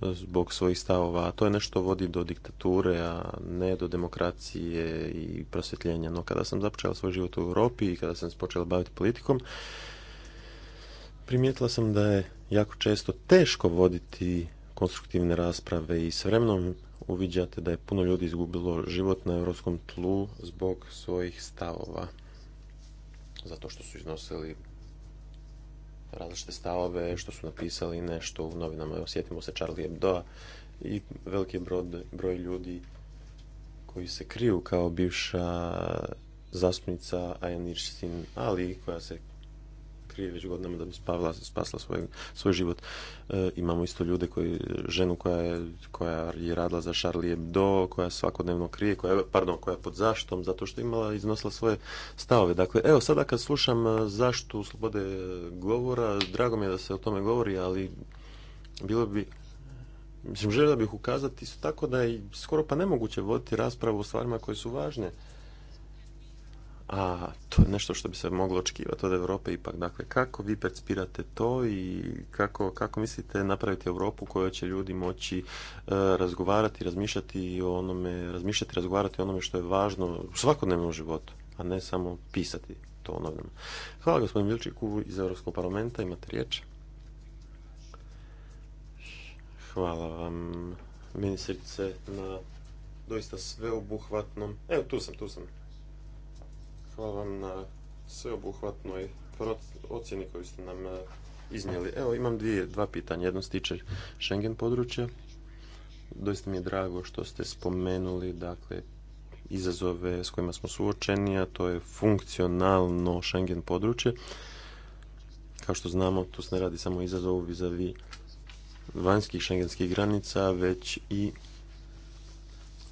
zbog svojih stavova, a to je nešto vodi do diktature, a ne do demokracije i prosvjetljenja. No kada sam započeo svoj život u Europi i kada sam se počeo baviti politikom, primijetila sam da je jako često teško voditi konstruktivne rasprave i s vremenom uviđate da je puno ljudi izgubilo život na europskom tlu zbog svojih stavova. Zato što su iznosili različite stavove, što su napisali nešto u novinama. osjetimo se Charlie Hebdo, i veliki broj, broj ljudi koji se kriju kao bivša zastupnica Ajan Sin Ali, koja se krije već godinama da bi spavla, spasla svoj, svoj život. E, imamo isto ljude koji, ženu koja je, koja je radila za Charlie Hebdo, koja svakodnevno krije, koja pardon, koja je pod zaštom zato što je imala iznosila svoje stavove. Dakle, evo sada kad slušam e, zaštu slobode govora, drago mi je da se o tome govori, ali bilo bi Mislim, želio bih ukazati isto tako da je skoro pa nemoguće voditi raspravu o stvarima koje su važne a to je nešto što bi se moglo očekivati od Europe ipak. Dakle, kako vi percipirate to i kako, kako mislite napraviti Europu u kojoj će ljudi moći uh, razgovarati, razmišljati o onome, razmišljati, razgovarati o onome što je važno u svakodnevnom životu, a ne samo pisati to o novinama. Hvala gospodin Milčiku iz Europskog parlamenta, imate riječ. Hvala vam ministrice na doista sveobuhvatnom. Evo tu sam, tu sam. Hvala vam na sveobuhvatnoj ocjeni koju ste nam e, iznijeli. Evo, imam dvije, dva pitanja. Jedno se tiče Schengen područja. Doista mi je drago što ste spomenuli, dakle, izazove s kojima smo suočeni, a to je funkcionalno Schengen područje. Kao što znamo, tu se ne radi samo izazovu vizavi vanjskih šengenskih granica, već i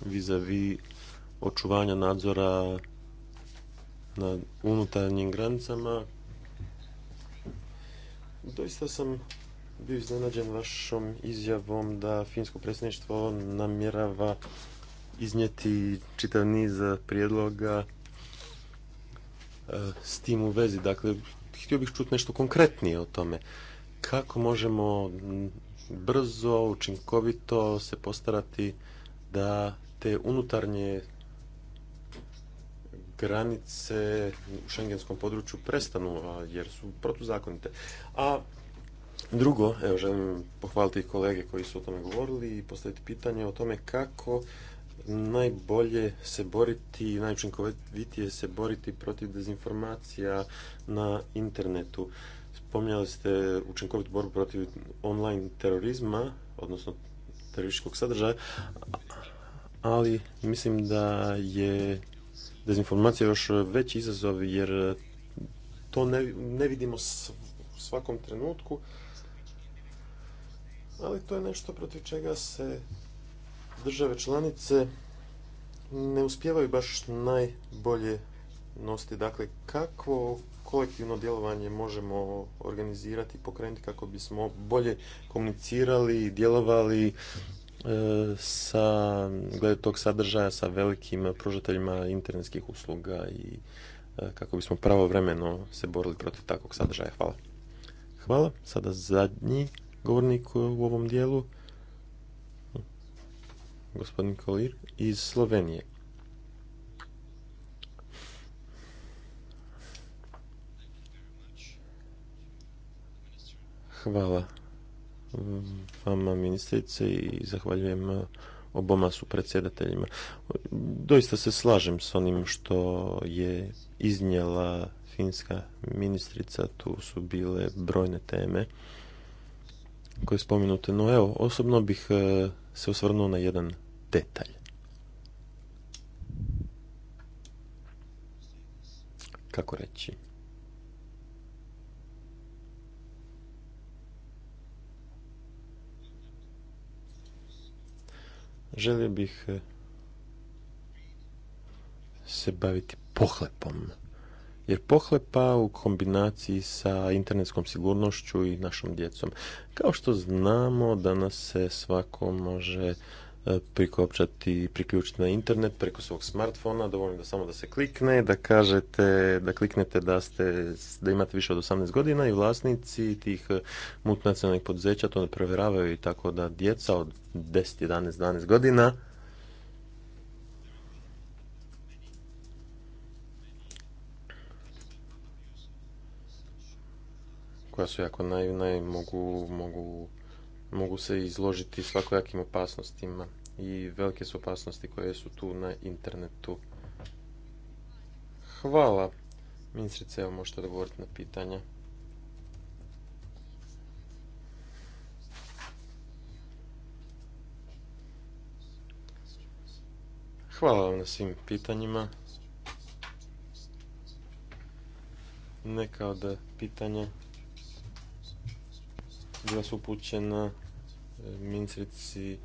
vizavi očuvanja nadzora na unutarnjim granicama. Doista sam bio iznenađen vašom izjavom da finsko predsjedništvo namjerava iznijeti čitav niz prijedloga e, s tim u vezi. Dakle, htio bih čuti nešto konkretnije o tome. Kako možemo brzo, učinkovito se postarati da te unutarnje granice u šengenskom području prestanu jer su protuzakonite. A drugo, evo želim pohvaliti kolege koji su o tome govorili i postaviti pitanje o tome kako najbolje se boriti i najučinkovitije se boriti protiv dezinformacija na internetu. Spominjali ste učinkovitu borbu protiv online terorizma, odnosno terorističkog sadržaja, ali mislim da je dezinformacija još e, veći izazov jer e, to ne, ne vidimo u svakom trenutku. Ali to je nešto protiv čega se države članice ne uspijevaju baš najbolje nositi. Dakle, kako kolektivno djelovanje možemo organizirati i pokrenuti kako bismo bolje komunicirali, djelovali, E, sa, glede tog sadržaja sa velikim pružateljima internetskih usluga i e, kako bismo pravovremeno se borili protiv takvog sadržaja. Hvala. Hvala. Sada zadnji govornik u ovom dijelu, gospodin Kolir iz Slovenije. Hvala vama ministrice i zahvaljujem oboma su predsjedateljima. Doista se slažem s onim što je iznijela finska ministrica, tu su bile brojne teme koje spomenute. No evo, osobno bih e, se osvrnuo na jedan detalj. Kako reći? želio bih e, se baviti pohlepom. Jer pohlepa u kombinaciji sa internetskom sigurnošću i našom djecom. Kao što znamo, danas se svako može prikopčati, priključiti na internet preko svog smartfona, dovoljno da samo da se klikne, da kažete, da kliknete da ste, da imate više od 18 godina i vlasnici tih eh, multinacionalnih poduzeća to ne provjeravaju i tako da djeca od 10, 11, 12 godina koja su jako naivna i mogu, mogu mogu se izložiti svakojakim opasnostima i velike su opasnosti koje su tu na internetu. Hvala. Ministrice, evo možete odgovoriti na pitanja. Hvala vam na svim pitanjima. Neka od pitanja bila su upućena ministrici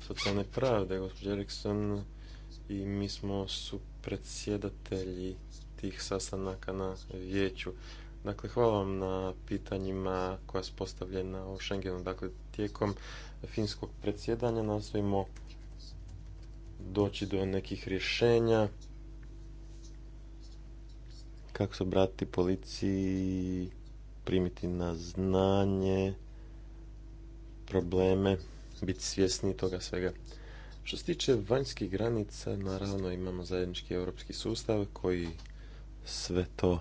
socijalne pravde, gospođe Eriksson i mi smo su predsjedatelji tih sastanaka na vijeću. Dakle, hvala vam na pitanjima koja su postavljena u Schengenu. Dakle, tijekom finskog predsjedanja nastojimo doći do nekih rješenja kako se obratiti policiji, primiti na znanje probleme, biti svjesni toga svega. Što se tiče vanjskih granica, naravno imamo zajednički europski sustav koji sve to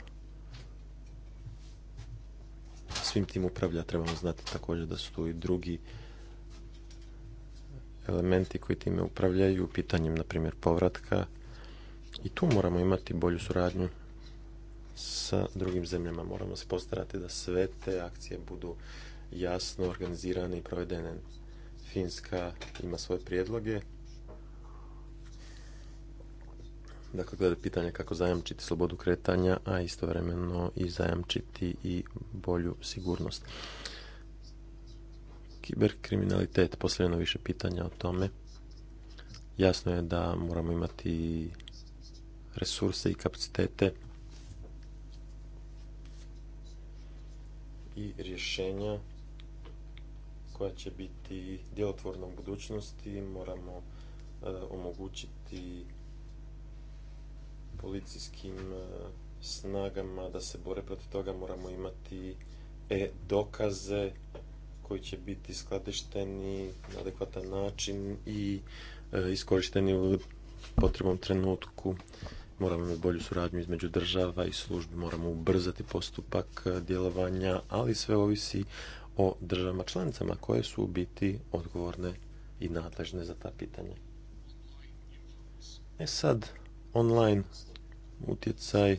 svim tim upravlja. Trebamo znati također da su tu i drugi elementi koji time upravljaju, pitanjem, na primjer, povratka. I tu moramo imati bolju suradnju sa drugim zemljama. Moramo se postarati da sve te akcije budu jasno organizirane i provedene. Finska ima svoje prijedloge. Dakle, glede pitanja kako zajamčiti slobodu kretanja, a istovremeno i zajamčiti i bolju sigurnost. Kiberkriminalitet, posljedno više pitanja o tome. Jasno je da moramo imati resurse i kapacitete i rješenja koja će biti djelotvorna u budućnosti. Moramo e, omogućiti policijskim e, snagama da se bore protiv toga. Moramo imati e-dokaze koji će biti skladišteni na adekvatan način i e, iskorišteni u potrebnom trenutku. Moramo imati bolju suradnju između država i službi, moramo ubrzati postupak djelovanja, ali sve ovisi o državama članicama koje su u biti odgovorne i nadležne za ta pitanja. E sad, online utjecaj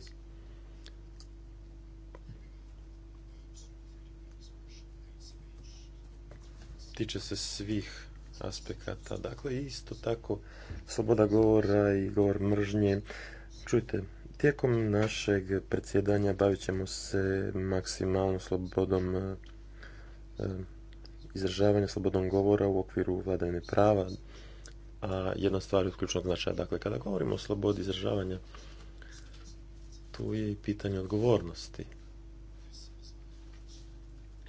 tiče se svih aspekata. Dakle, isto tako sloboda govora i govor mržnje. Čujte, tijekom našeg predsjedanja bavit ćemo se maksimalnom slobodom Eh, izražavanja slobodnog govora u okviru vladavine prava, a jedna stvar je od ključnog značaja. Dakle, kada govorimo o slobodi izražavanja, tu je i pitanje odgovornosti.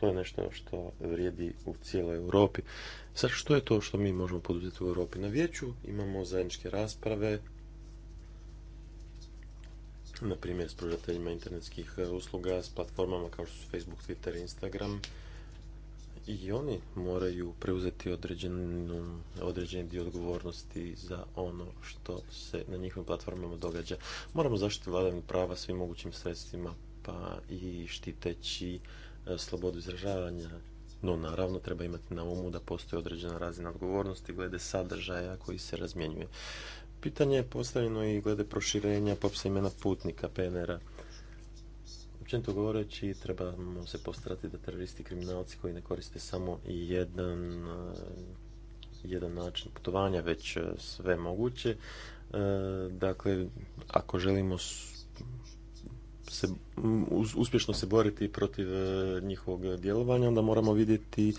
To je nešto što vrijedi u cijeloj Europi. Sad, što je to što mi možemo poduzeti u Europi? Na vijeću imamo zajedničke rasprave, na primjer s pružateljima internetskih eh, usluga, s platformama kao što su Facebook, Twitter, Instagram, i oni moraju preuzeti određeni dio odgovornosti za ono što se na njihovim platformama događa. Moramo zaštiti vladavinu prava svim mogućim sredstvima, pa i štiteći e, slobodu izražavanja. No, naravno, treba imati na umu da postoji određena razina odgovornosti glede sadržaja koji se razmjenjuje. Pitanje je postavljeno i glede proširenja popisa imena putnika PNR-a. Općenito govoreći, trebamo se postarati da teroristi i kriminalci koji ne koriste samo jedan, eh, jedan način putovanja, već eh, sve moguće. Eh, dakle, ako želimo se, uspješno se boriti protiv njihovog djelovanja, onda moramo vidjeti,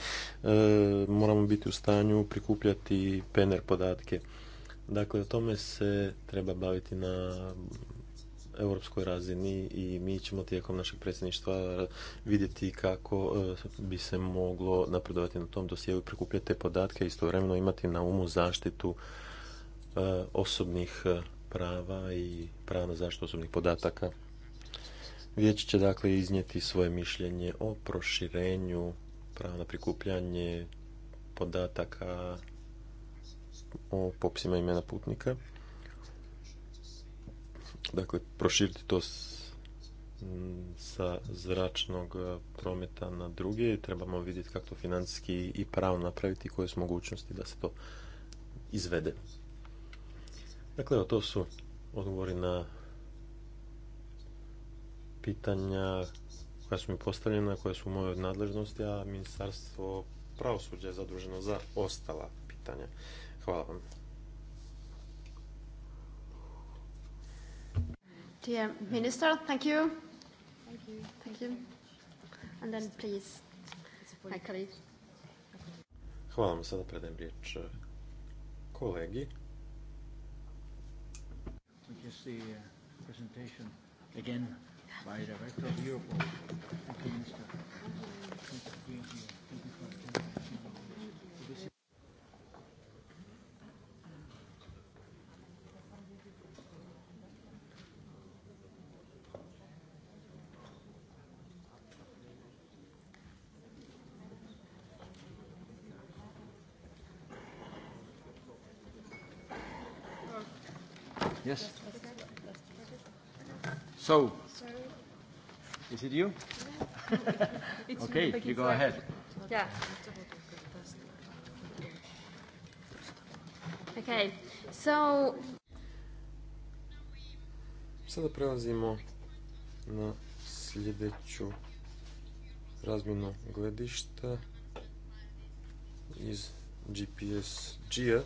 moramo biti u stanju prikupljati PNR podatke. Dakle, o tome se treba baviti na europskoj razini i mi ćemo tijekom našeg predsjedništva vidjeti kako e, bi se moglo napredovati na tom dosjeu i prikupljati te podatke i istovremeno imati na umu zaštitu e, osobnih e, prava i prava na zaštitu osobnih podataka. Vijeće će dakle iznijeti svoje mišljenje o proširenju prava na prikupljanje podataka o popisima imena putnika dakle, proširiti to mm, sa zračnog e, prometa na druge. Trebamo vidjeti kako to financijski i pravo napraviti koje su mogućnosti da se to izvede. Dakle, evo, to su odgovori na pitanja koja su mi postavljena, koje su u mojoj nadležnosti, a ministarstvo pravosuđa je zaduženo za ostala pitanja. Hvala vam. Dear Minister, thank you. Thank you. Thank you. And then please, my colleague. Hvala vam, sada predajem riječ eh, kolegi. Just the eh, again by Director Minister. Thank you. Yes. So, is it you? okay, you go ahead. Yeah. Okay, so... Sada prelazimo na sljedeću razmjenu gledišta iz GPS G-a.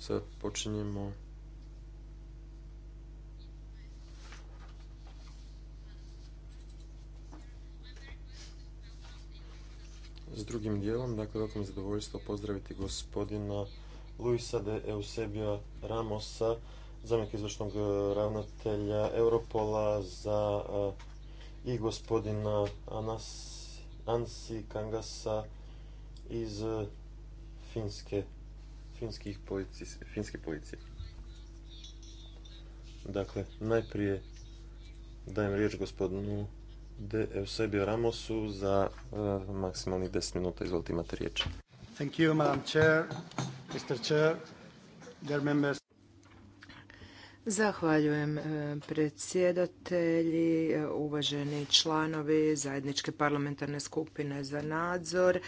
Sada počinjemo drugim dijelom, dakle, veliko mi zadovoljstvo pozdraviti gospodina Luisa de Eusebio Ramosa, zamjenika izvršnog e, ravnatelja Europola za e, i gospodina Anas, Ansi Kangasa iz e, finske policije. Dakle, najprije dajem riječ gospodinu de Eusebio Ramosu za uh, eh, maksimalni 10 minuta. Izvolite, imate riječ. Thank you, Madam Chair, Mr. Chair, dear members Zahvaljujem e, predsjedatelji, e, uvaženi članovi zajedničke parlamentarne skupine za nadzor.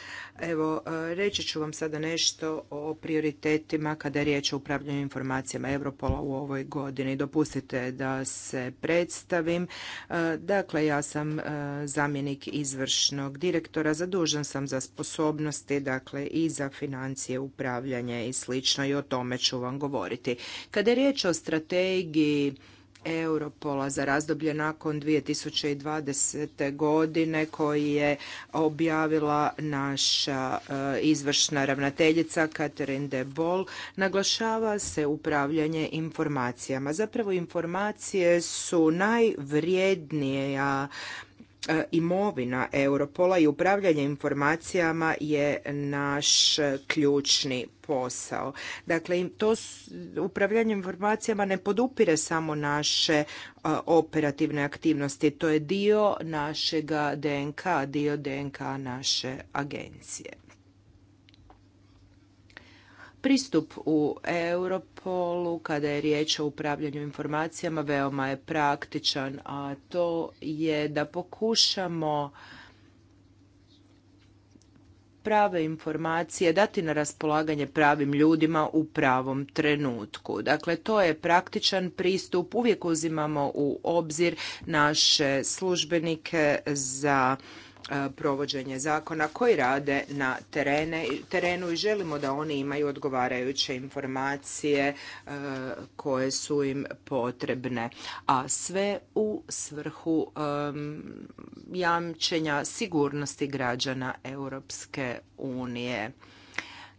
Evo, e, reći ću vam sada nešto o prioritetima kada je riječ o upravljanju informacijama Europola u ovoj godini. Dopustite da se predstavim. Dakle, ja sam zamjenik izvršnog direktora, zadužen sam za sposobnosti, dakle i za financije, upravljanje i slično i o tome ću vam govoriti. Kada je riječ o strategiji strategiji Europola za razdoblje nakon 2020. godine koji je objavila naša e, izvršna ravnateljica Catherine de Bol, naglašava se upravljanje informacijama. Zapravo informacije su najvrijednija E, imovina Europola i upravljanje informacijama je naš ključni posao. Dakle, to upravljanje informacijama ne podupire samo naše e, operativne aktivnosti, to je dio našega DNK, dio DNK naše agencije. Pristup u Europolu kada je riječ o upravljanju informacijama veoma je praktičan, a to je da pokušamo prave informacije dati na raspolaganje pravim ljudima u pravom trenutku. Dakle, to je praktičan pristup. Uvijek uzimamo u obzir naše službenike za E, provođenje zakona koji rade na terenu i želimo da oni imaju odgovarajuće informacije e, koje su im potrebne, a sve u svrhu e, jamčenja sigurnosti građana Europske unije.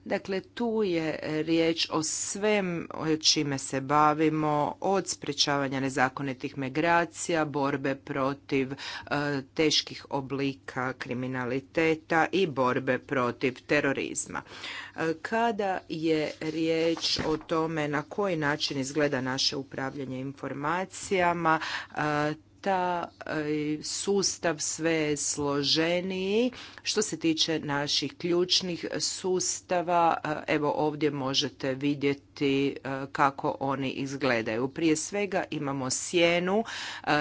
Dakle, tu je riječ o svem čime se bavimo, od sprečavanja nezakonitih migracija, borbe protiv e, teških oblika kriminaliteta i borbe protiv terorizma. E, kada je riječ o tome na koji način izgleda naše upravljanje informacijama, e, puta e, sustav sve složeniji. Što se tiče naših ključnih sustava, e, evo ovdje možete vidjeti e, kako oni izgledaju. Prije svega imamo sjenu,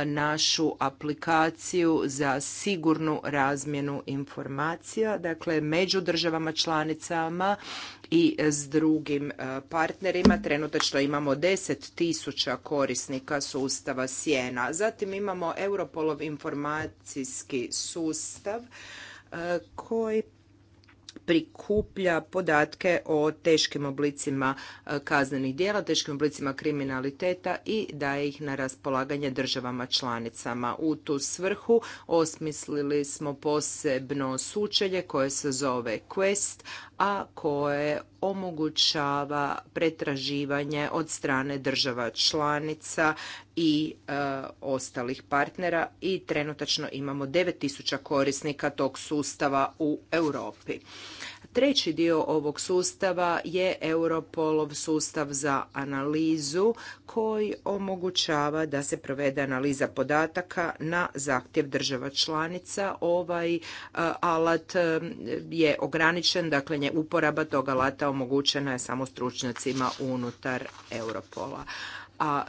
našu aplikaciju za sigurnu razmjenu informacija, dakle među državama članicama i s drugim e, partnerima. Trenutačno imamo 10.000 korisnika sustava Sjena. Zatim imamo Europolov informacijski sustav e, koji prikuplja podatke o teškim oblicima e, kaznenih djela, teškim oblicima kriminaliteta i daje ih na raspolaganje državama članicama. U tu svrhu osmislili smo posebno sučelje koje se zove Quest, a koje omogućava pretraživanje od strane država članica i e, ostalih partnera i trenutačno imamo 9000 korisnika tog sustava u Europi. Treći dio ovog sustava je Europolov sustav za analizu koji omogućava da se provede analiza podataka na zahtjev država članica. Ovaj e, alat e, je ograničen, dakle uporaba tog alata omogućena je samo stručnjacima unutar Europola a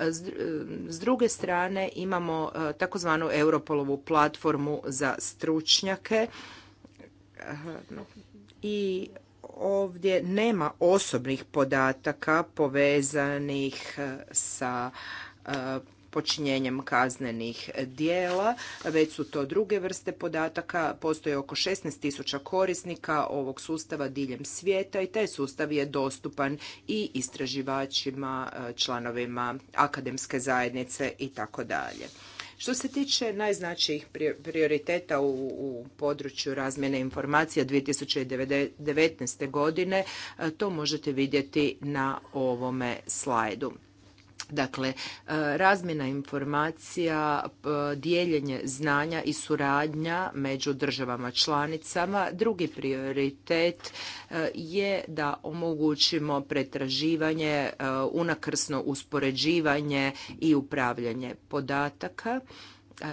s druge strane imamo e, takozvanu Europolovu platformu za stručnjake e, i ovdje nema osobnih podataka povezanih e, sa počinjenjem kaznenih dijela, već su to druge vrste podataka. Postoje oko 16.000 korisnika ovog sustava diljem svijeta i taj sustav je dostupan i istraživačima, e, članovima akademske zajednice i tako dalje. Što se tiče najznačijih prioriteta u, u području razmjene informacija 2019. godine, e, to možete vidjeti na ovome slajdu. Dakle, e, razmjena informacija, dijeljenje znanja i suradnja među državama članicama. Drugi prioritet e, je da omogućimo pretraživanje, e, unakrsno uspoređivanje i upravljanje podataka.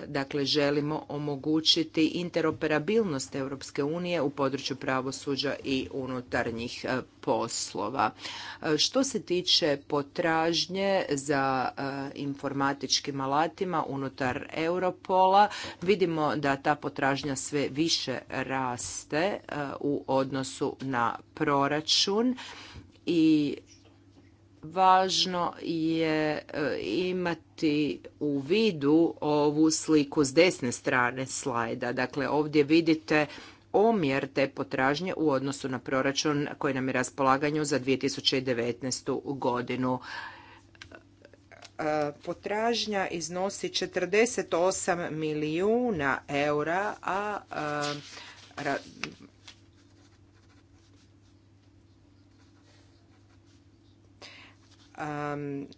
Dakle, želimo omogućiti interoperabilnost Europske unije u području pravosuđa i unutarnjih e, poslova. E, što se tiče potražnje za e, informatičkim alatima unutar Europola, vidimo da ta potražnja sve više raste u odnosu na proračun i Važno je e, imati u vidu ovu sliku s desne strane slajda. Dakle, ovdje vidite omjer te potražnje u odnosu na proračun koji nam je raspolaganju za 2019. godinu. E, potražnja iznosi 48 milijuna eura, a e,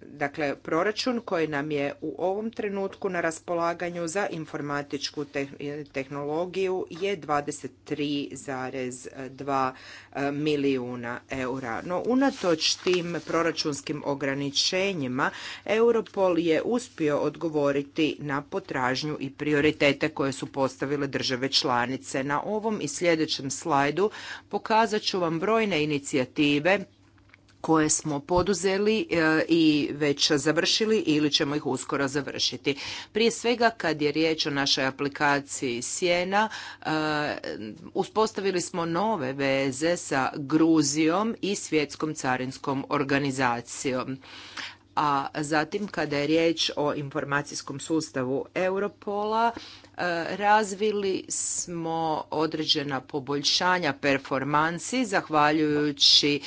dakle proračun koji nam je u ovom trenutku na raspolaganju za informatičku tehnologiju je 23,2 e, milijuna eura. No unatoč tim proračunskim ograničenjima Europol je uspio odgovoriti na potražnju i prioritete koje su postavile države članice. Na ovom i sljedećem slajdu pokazat ću vam brojne inicijative koje smo poduzeli e, i već završili ili ćemo ih uskoro završiti. Prije svega kad je riječ o našoj aplikaciji Sjena, e, uspostavili smo nove veze sa Gruzijom i Svjetskom carinskom organizacijom a zatim kada je riječ o informacijskom sustavu Europola E, razvili smo određena poboljšanja performansi zahvaljujući e,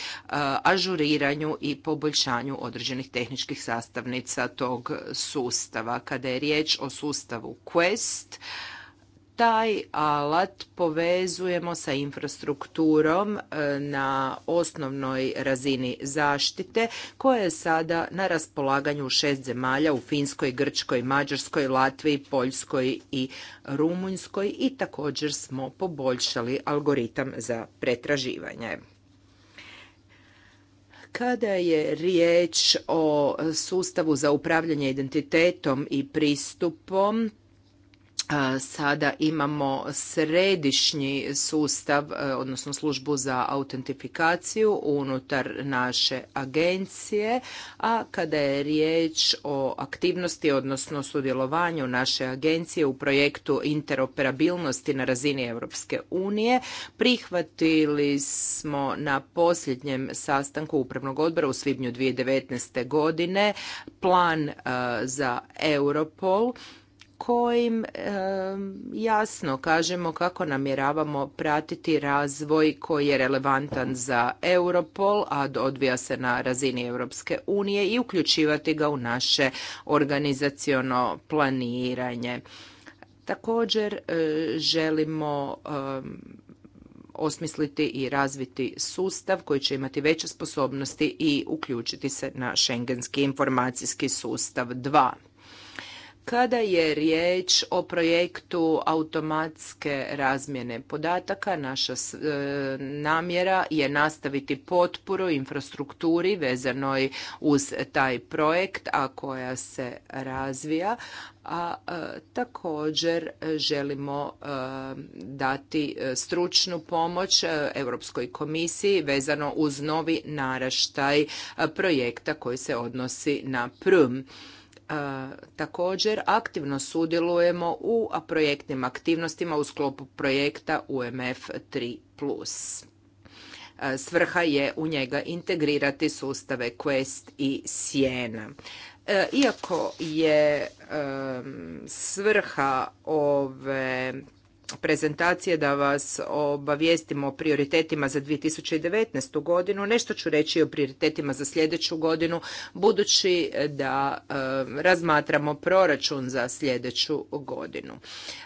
ažuriranju i poboljšanju određenih tehničkih sastavnica tog sustava. Kada je riječ o sustavu Quest, taj alat povezujemo sa infrastrukturom e, na osnovnoj razini zaštite koja je sada na raspolaganju u šest zemalja u Finskoj, Grčkoj, Mađarskoj, Latviji, Poljskoj i Rumunjskoj i također smo poboljšali algoritam za pretraživanje kada je riječ o sustavu za upravljanje identitetom i pristupom sada imamo središnji sustav, e, odnosno službu za autentifikaciju unutar naše agencije, a kada je riječ o aktivnosti, odnosno sudjelovanju naše agencije u projektu interoperabilnosti na razini Europske unije, prihvatili smo na posljednjem sastanku Upravnog odbora u svibnju 2019. godine plan e, za Europol, kojim jasno kažemo kako namjeravamo pratiti razvoj koji je relevantan za Europol, a odvija se na razini Europske unije i uključivati ga u naše organizaciono planiranje. Također e, želimo osmisliti i razviti sustav koji će imati veće sposobnosti i uključiti se na šengenski informacijski sustav 2 kada je riječ o projektu automatske razmjene podataka, naša e, namjera je nastaviti potporu infrastrukturi vezanoj uz taj projekt, a koja se razvija, a e, također želimo e, dati stručnu pomoć Europskoj komisiji vezano uz novi naraštaj projekta koji se odnosi na PRM. Također aktivno sudjelujemo u projektnim aktivnostima u sklopu projekta UMF 3+ svrha je u njega integrirati sustave Quest i Sjena. E, iako je svrha ove prezentacije da vas obavijestimo o prioritetima za 2019. godinu. Nešto ću reći o prioritetima za sljedeću godinu, budući da e, razmatramo proračun za sljedeću godinu.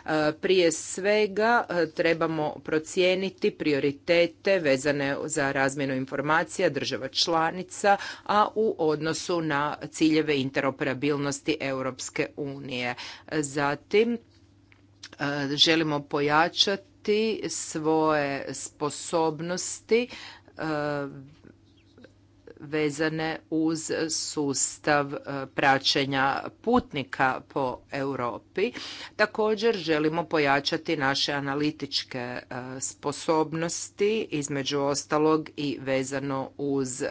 E, prije svega e, trebamo procijeniti prioritete vezane za razmjenu informacija država članica, a u odnosu na ciljeve interoperabilnosti Europske unije. Zatim, E, želimo pojačati svoje sposobnosti e, vezane uz sustav e, praćenja putnika po Europi. Također želimo pojačati naše analitičke e, sposobnosti, između ostalog i vezano uz e,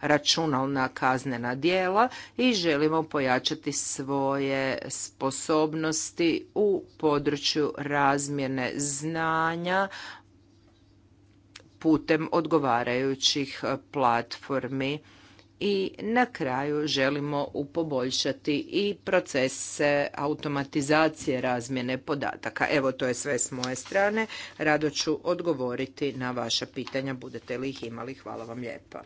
računalna kaznena djela i želimo pojačati svoje sposobnosti u području razmjene znanja putem odgovarajućih e, platformi i na kraju želimo upoboljšati i procese automatizacije razmjene podataka. Evo to je sve s moje strane. Rado ću odgovoriti na vaša pitanja, budete li ih imali. Hvala vam lijepa.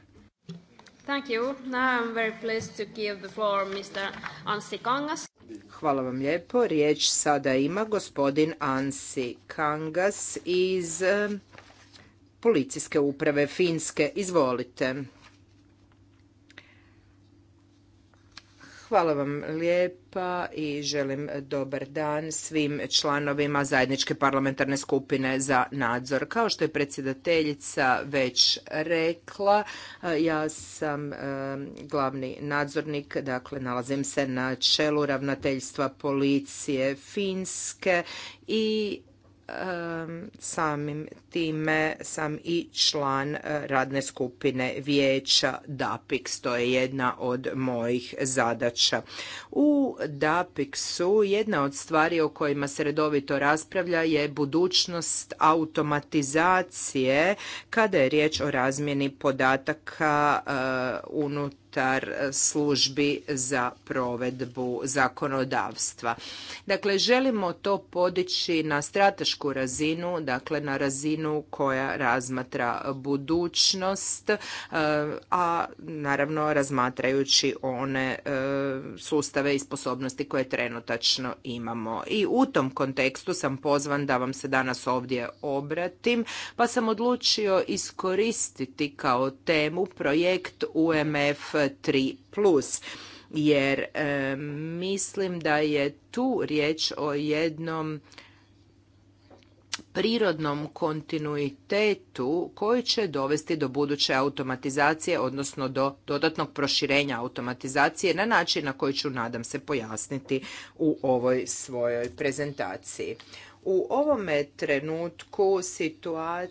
Hvala vam lijepo. Riječ sada ima gospodin Ansi Kangas iz policijske uprave Finske. Izvolite. Hvala vam lijepa i želim dobar dan svim članovima zajedničke parlamentarne skupine za nadzor. Kao što je predsjedateljica već rekla, ja sam e, glavni nadzornik, dakle nalazim se na čelu ravnateljstva policije Finske i samim time sam i član e, radne skupine vijeća DAPIX. To je jedna od mojih zadaća. U DAPIX-u jedna od stvari o kojima se redovito raspravlja je budućnost automatizacije kada je riječ o razmjeni podataka e, unutar unutar e, službi za provedbu zakonodavstva. Dakle, želimo to podići na stratešku razinu, dakle na razinu koja razmatra budućnost, e, a naravno razmatrajući one e, sustave i sposobnosti koje trenutačno imamo. I u tom kontekstu sam pozvan da vam se danas ovdje obratim, pa sam odlučio iskoristiti kao temu projekt UMF 3+. Jer e, mislim da je tu riječ o jednom prirodnom kontinuitetu koji će dovesti do buduće automatizacije, odnosno do dodatnog proširenja automatizacije na način na koji ću, nadam se, pojasniti u ovoj svojoj prezentaciji. U ovome trenutku situacija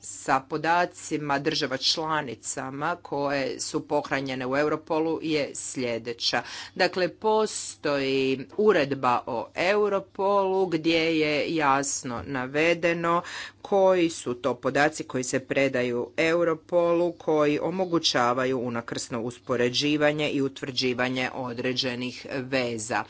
sa podacima država članicama koje su pohranjene u Europolu je sljedeća. Dakle, postoji uredba o Europolu gdje je jasno navedeno koji su to podaci koji se predaju Europolu koji omogućavaju unakrsno uspoređivanje i utvrđivanje određenih veza.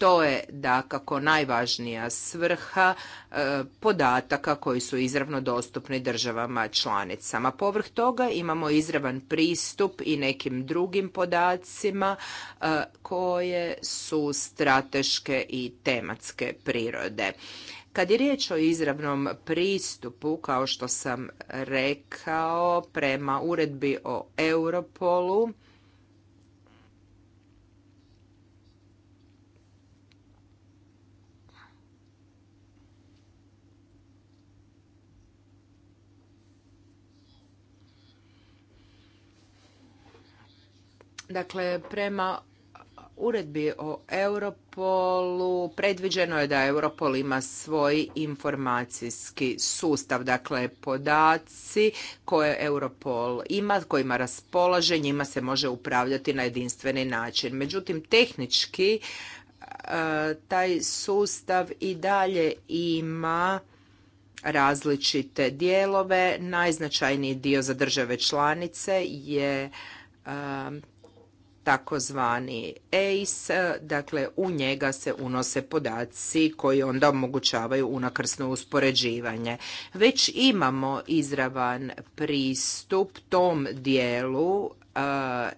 To je da kako najvažnija svrha e, podataka koji su izravno dostupni državama članicama. Povrh toga imamo izravan pristup i nekim drugim podacima e, koje su strateške i tematske prirode. Kad je riječ o izravnom pristupu, kao što sam rekao, prema uredbi o Europolu, Dakle, prema uredbi o Europolu predviđeno je da Europol ima svoj informacijski sustav, dakle podaci koje Europol ima, kojima raspolaže, njima se može upravljati na jedinstveni način. Međutim, tehnički e, taj sustav i dalje ima različite dijelove. Najznačajniji dio za države članice je e, takozvani EIS. dakle u njega se unose podaci koji onda omogućavaju unakrsno uspoređivanje. Već imamo izravan pristup tom dijelu mm,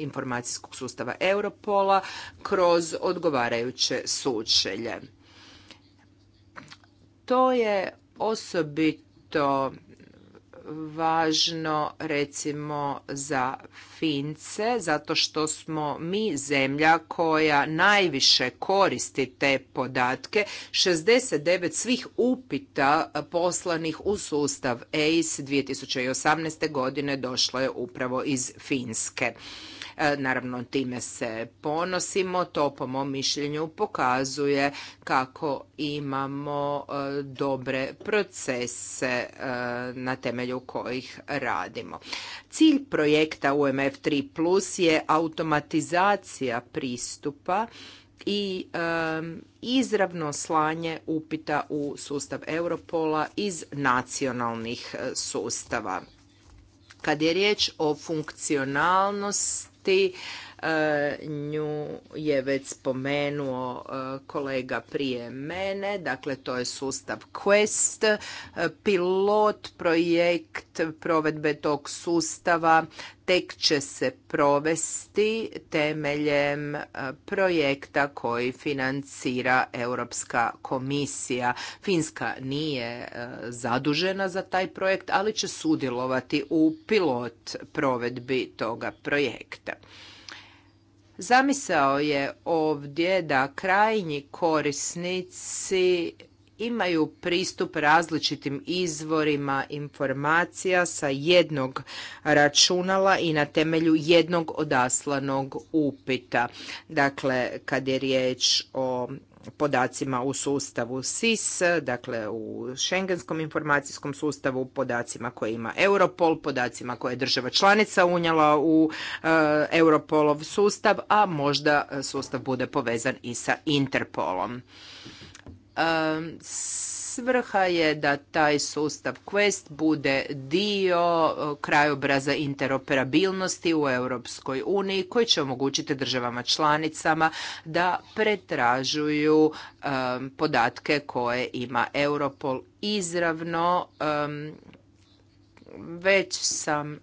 informacijskog sustava Europola kroz odgovarajuće sučelje. To je osobito važno recimo za Fince zato što smo mi zemlja koja najviše koristi te podatke. 69 svih upita poslanih u sustav ACE 2018. godine došlo je upravo iz Finske. E, naravno, time se ponosimo, to po mom mišljenju pokazuje kako imamo e, dobre procese e, na temelju kojih radimo. Cilj projekta UMF 3 Plus je automatizacija pristupa i izravno slanje upita u sustav Europola iz nacionalnih sustava. Kad je riječ o funkcionalnosti ti E, nju je već spomenuo e, kolega prije mene, dakle to je sustav Quest, e, pilot projekt provedbe tog sustava tek će se provesti temeljem projekta koji financira Europska komisija. Finska nije zadužena za taj projekt, ali će sudjelovati u pilot provedbi toga projekta. Zamisao je ovdje da krajnji korisnici imaju pristup različitim izvorima informacija sa jednog računala i na temelju jednog odaslanog upita. Dakle, kad je riječ o podacima u sustavu SIS, dakle u šengenskom informacijskom sustavu, podacima koje ima Europol, podacima koje je država članica unijela u e, Europolov sustav, a možda sustav bude povezan i sa Interpolom. Svrha je da taj sustav Quest bude dio e, krajobraza interoperabilnosti u Europskoj uniji koji će omogućiti državama članicama da pretražuju podatke koje ima Europol izravno već sam e,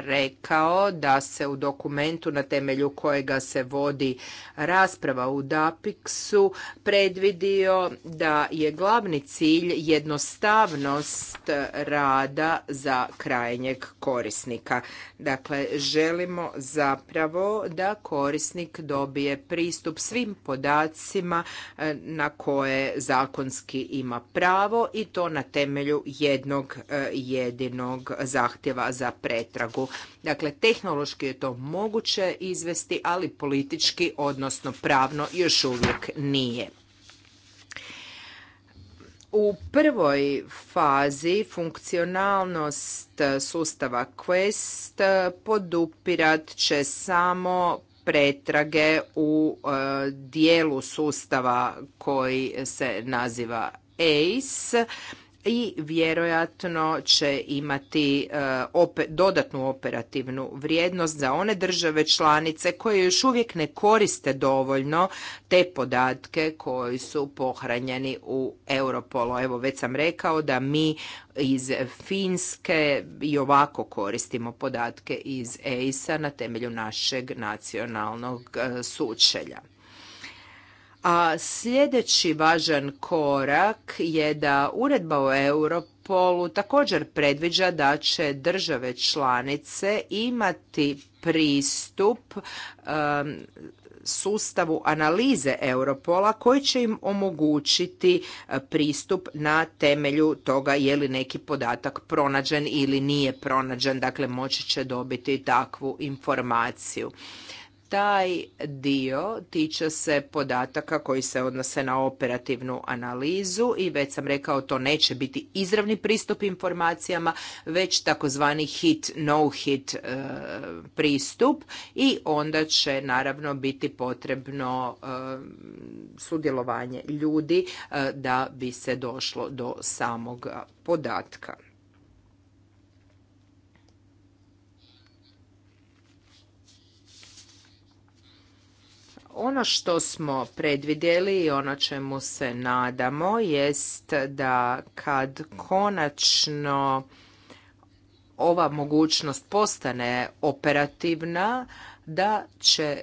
rekao da se u dokumentu na temelju kojega se vodi rasprava u DAPIX-u predvidio da je glavni cilj jednostavnost rada za krajnjeg korisnika. Dakle, želimo zapravo da korisnik dobije pristup svim podacima e, na koje zakonski ima pravo i to na temelju jednog e, jedinog zahtjeva za pretragu. Dakle, tehnološki je to moguće izvesti, ali politički, odnosno pravno, još uvijek nije. U prvoj fazi funkcionalnost sustava Quest podupirat će samo pretrage u e, dijelu sustava koji se naziva ACE i vjerojatno će imati e, dodatnu operativnu vrijednost za one države članice koje još uvijek ne koriste dovoljno te podatke koji su pohranjeni u Europolu. Evo već sam rekao da mi iz Finske i ovako koristimo podatke iz EIS-a na temelju našeg nacionalnog e, sučelja. A sljedeći važan korak je da uredba o Europolu također predviđa da će države članice imati pristup um, sustavu analize Europola koji će im omogućiti uh, pristup na temelju toga je li neki podatak pronađen ili nije pronađen, dakle moći će dobiti takvu informaciju. Taj dio tiče se podataka koji se odnose na operativnu analizu i već sam rekao to neće biti izravni pristup informacijama, već takozvani hit no hit e, pristup i onda će naravno biti potrebno e, sudjelovanje ljudi e, da bi se došlo do samog podatka. Ono što smo predvidjeli i ono čemu se nadamo jest da kad konačno ova mogućnost postane operativna, da će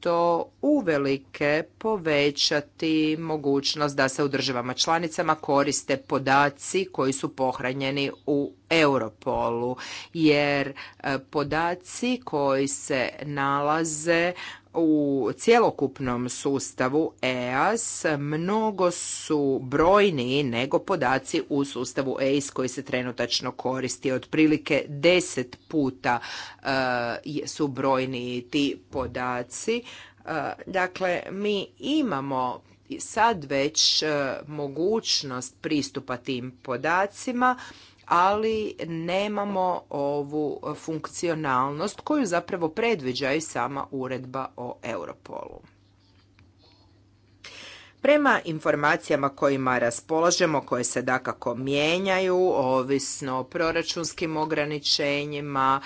to uvelike povećati mogućnost da se u državama članicama koriste podaci koji su pohranjeni u Europolu jer eh, podaci koji se nalaze u cjelokupnom sustavu EAS mnogo su brojniji nego podaci u sustavu EIS koji se trenutačno koristi. Otprilike deset puta eh, su brojniji ti podaci. Eh, dakle, mi imamo sad već eh, mogućnost pristupa tim podacima ali nemamo ovu funkcionalnost koju zapravo predviđa i sama uredba o Europolu. Prema informacijama kojima raspolažemo, koje se dakako mijenjaju, ovisno o proračunskim ograničenjima,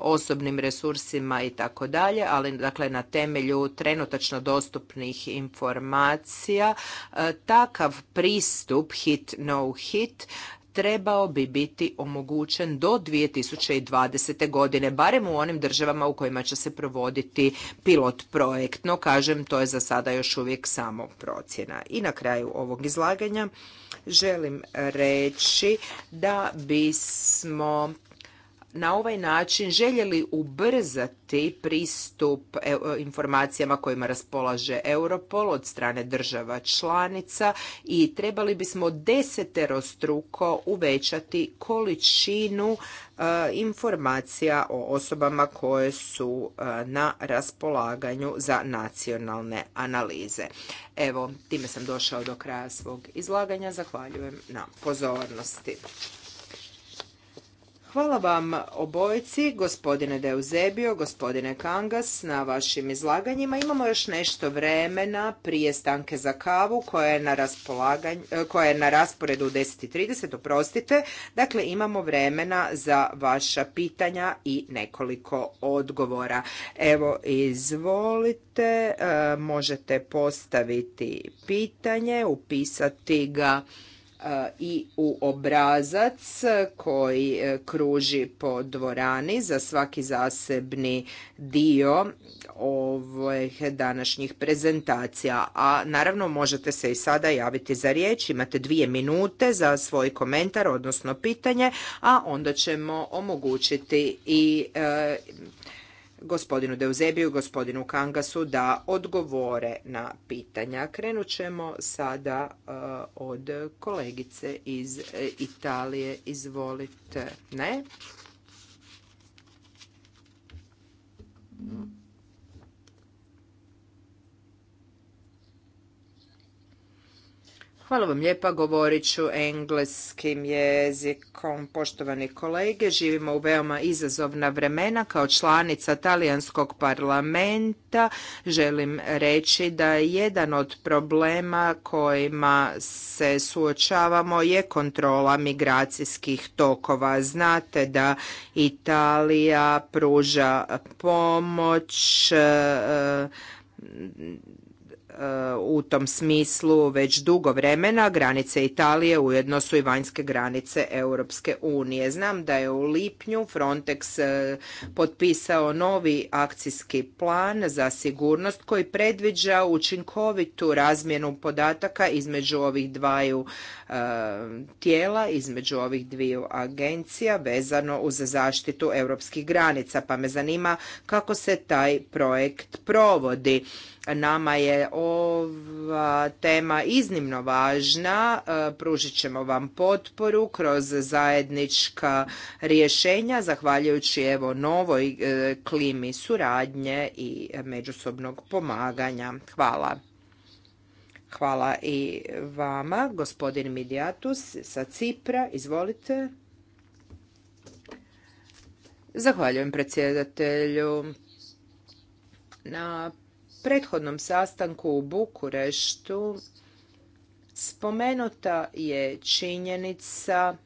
osobnim resursima i tako dalje, ali dakle na temelju trenutačno dostupnih informacija, takav pristup hit no hit trebao bi biti omogućen do 2020. godine, barem u onim državama u kojima će se provoditi pilot projekt, no kažem to je za sada još uvijek samo procjena. I na kraju ovog izlaganja želim reći da bismo na ovaj način željeli ubrzati pristup e, informacijama kojima raspolaže Europol od strane država članica i trebali bismo deseterostruko uvećati količinu e, informacija o osobama koje su e, na raspolaganju za nacionalne analize. Evo, time sam došao do kraja svog izlaganja. Zahvaljujem na pozornosti. Hvala vam obojci, gospodine Deuzebio, gospodine Kangas, na vašim izlaganjima. Imamo još nešto vremena prije stanke za kavu koja je na, koja je na rasporedu u 10.30, oprostite. Dakle, imamo vremena za vaša pitanja i nekoliko odgovora. Evo, izvolite, e, možete postaviti pitanje, upisati ga E, i u obrazac koji e, kruži po dvorani za svaki zasebni dio ovih današnjih prezentacija. A naravno možete se i sada javiti za riječ, imate dvije minute za svoj komentar, odnosno pitanje, a onda ćemo omogućiti i e, gospodinu Deuzebiju, gospodinu Kangasu da odgovore na pitanja. Krenut ćemo sada eh, od kolegice iz eh, Italije. Izvolite. Ne? Hvala vam lijepa, govorit ću engleskim jezikom. Poštovani kolege, živimo u veoma izazovna vremena. Kao članica talijanskog parlamenta želim reći da jedan od problema kojima se suočavamo je kontrola migracijskih tokova. Znate da Italija pruža pomoć eh, u tom smislu već dugo vremena. Granice Italije ujedno su i vanjske granice Europske unije. Znam da je u lipnju Frontex e, potpisao novi akcijski plan za sigurnost koji predviđa učinkovitu razmjenu podataka između ovih dvaju e, tijela, između ovih dviju agencija vezano uz zaštitu europskih granica. Pa me zanima kako se taj projekt provodi Nama je ova tema iznimno važna, e, pružit ćemo vam potporu kroz zajednička rješenja, zahvaljujući evo novoj e, klimi suradnje i međusobnog pomaganja. Hvala. Hvala i vama, gospodin Midijatus sa Cipra, izvolite. Zahvaljujem predsjedatelju na prethodnom sastanku u Bukureštu spomenuta je činjenica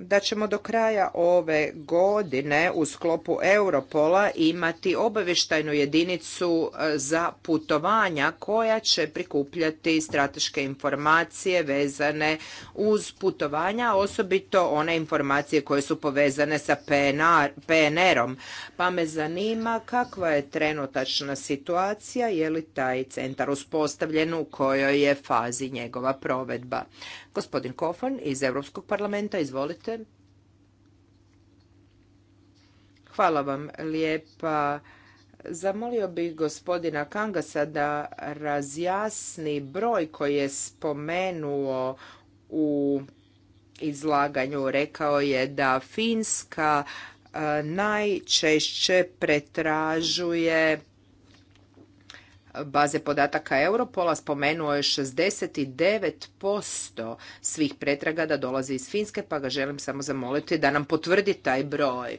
da ćemo do kraja ove godine u sklopu Europola imati obavještajnu jedinicu e, za putovanja koja će prikupljati strateške informacije vezane uz putovanja, osobito one informacije koje su povezane sa PNR-om. Pa me zanima kakva je trenutačna situacija, je li taj centar uspostavljen, u kojoj je fazi njegova provedba. Gospodin Kofan iz Europskog parlamenta, izvolite. Hvala vam lijepa. Zamolio bih gospodina Kangasa da razjasni broj koji je spomenuo u izlaganju. Rekao je da Finska eh, najčešće pretražuje baze podataka Europola spomenuo je 69% svih pretraga da dolazi iz Finske, pa ga želim samo zamoliti da nam potvrdi taj broj.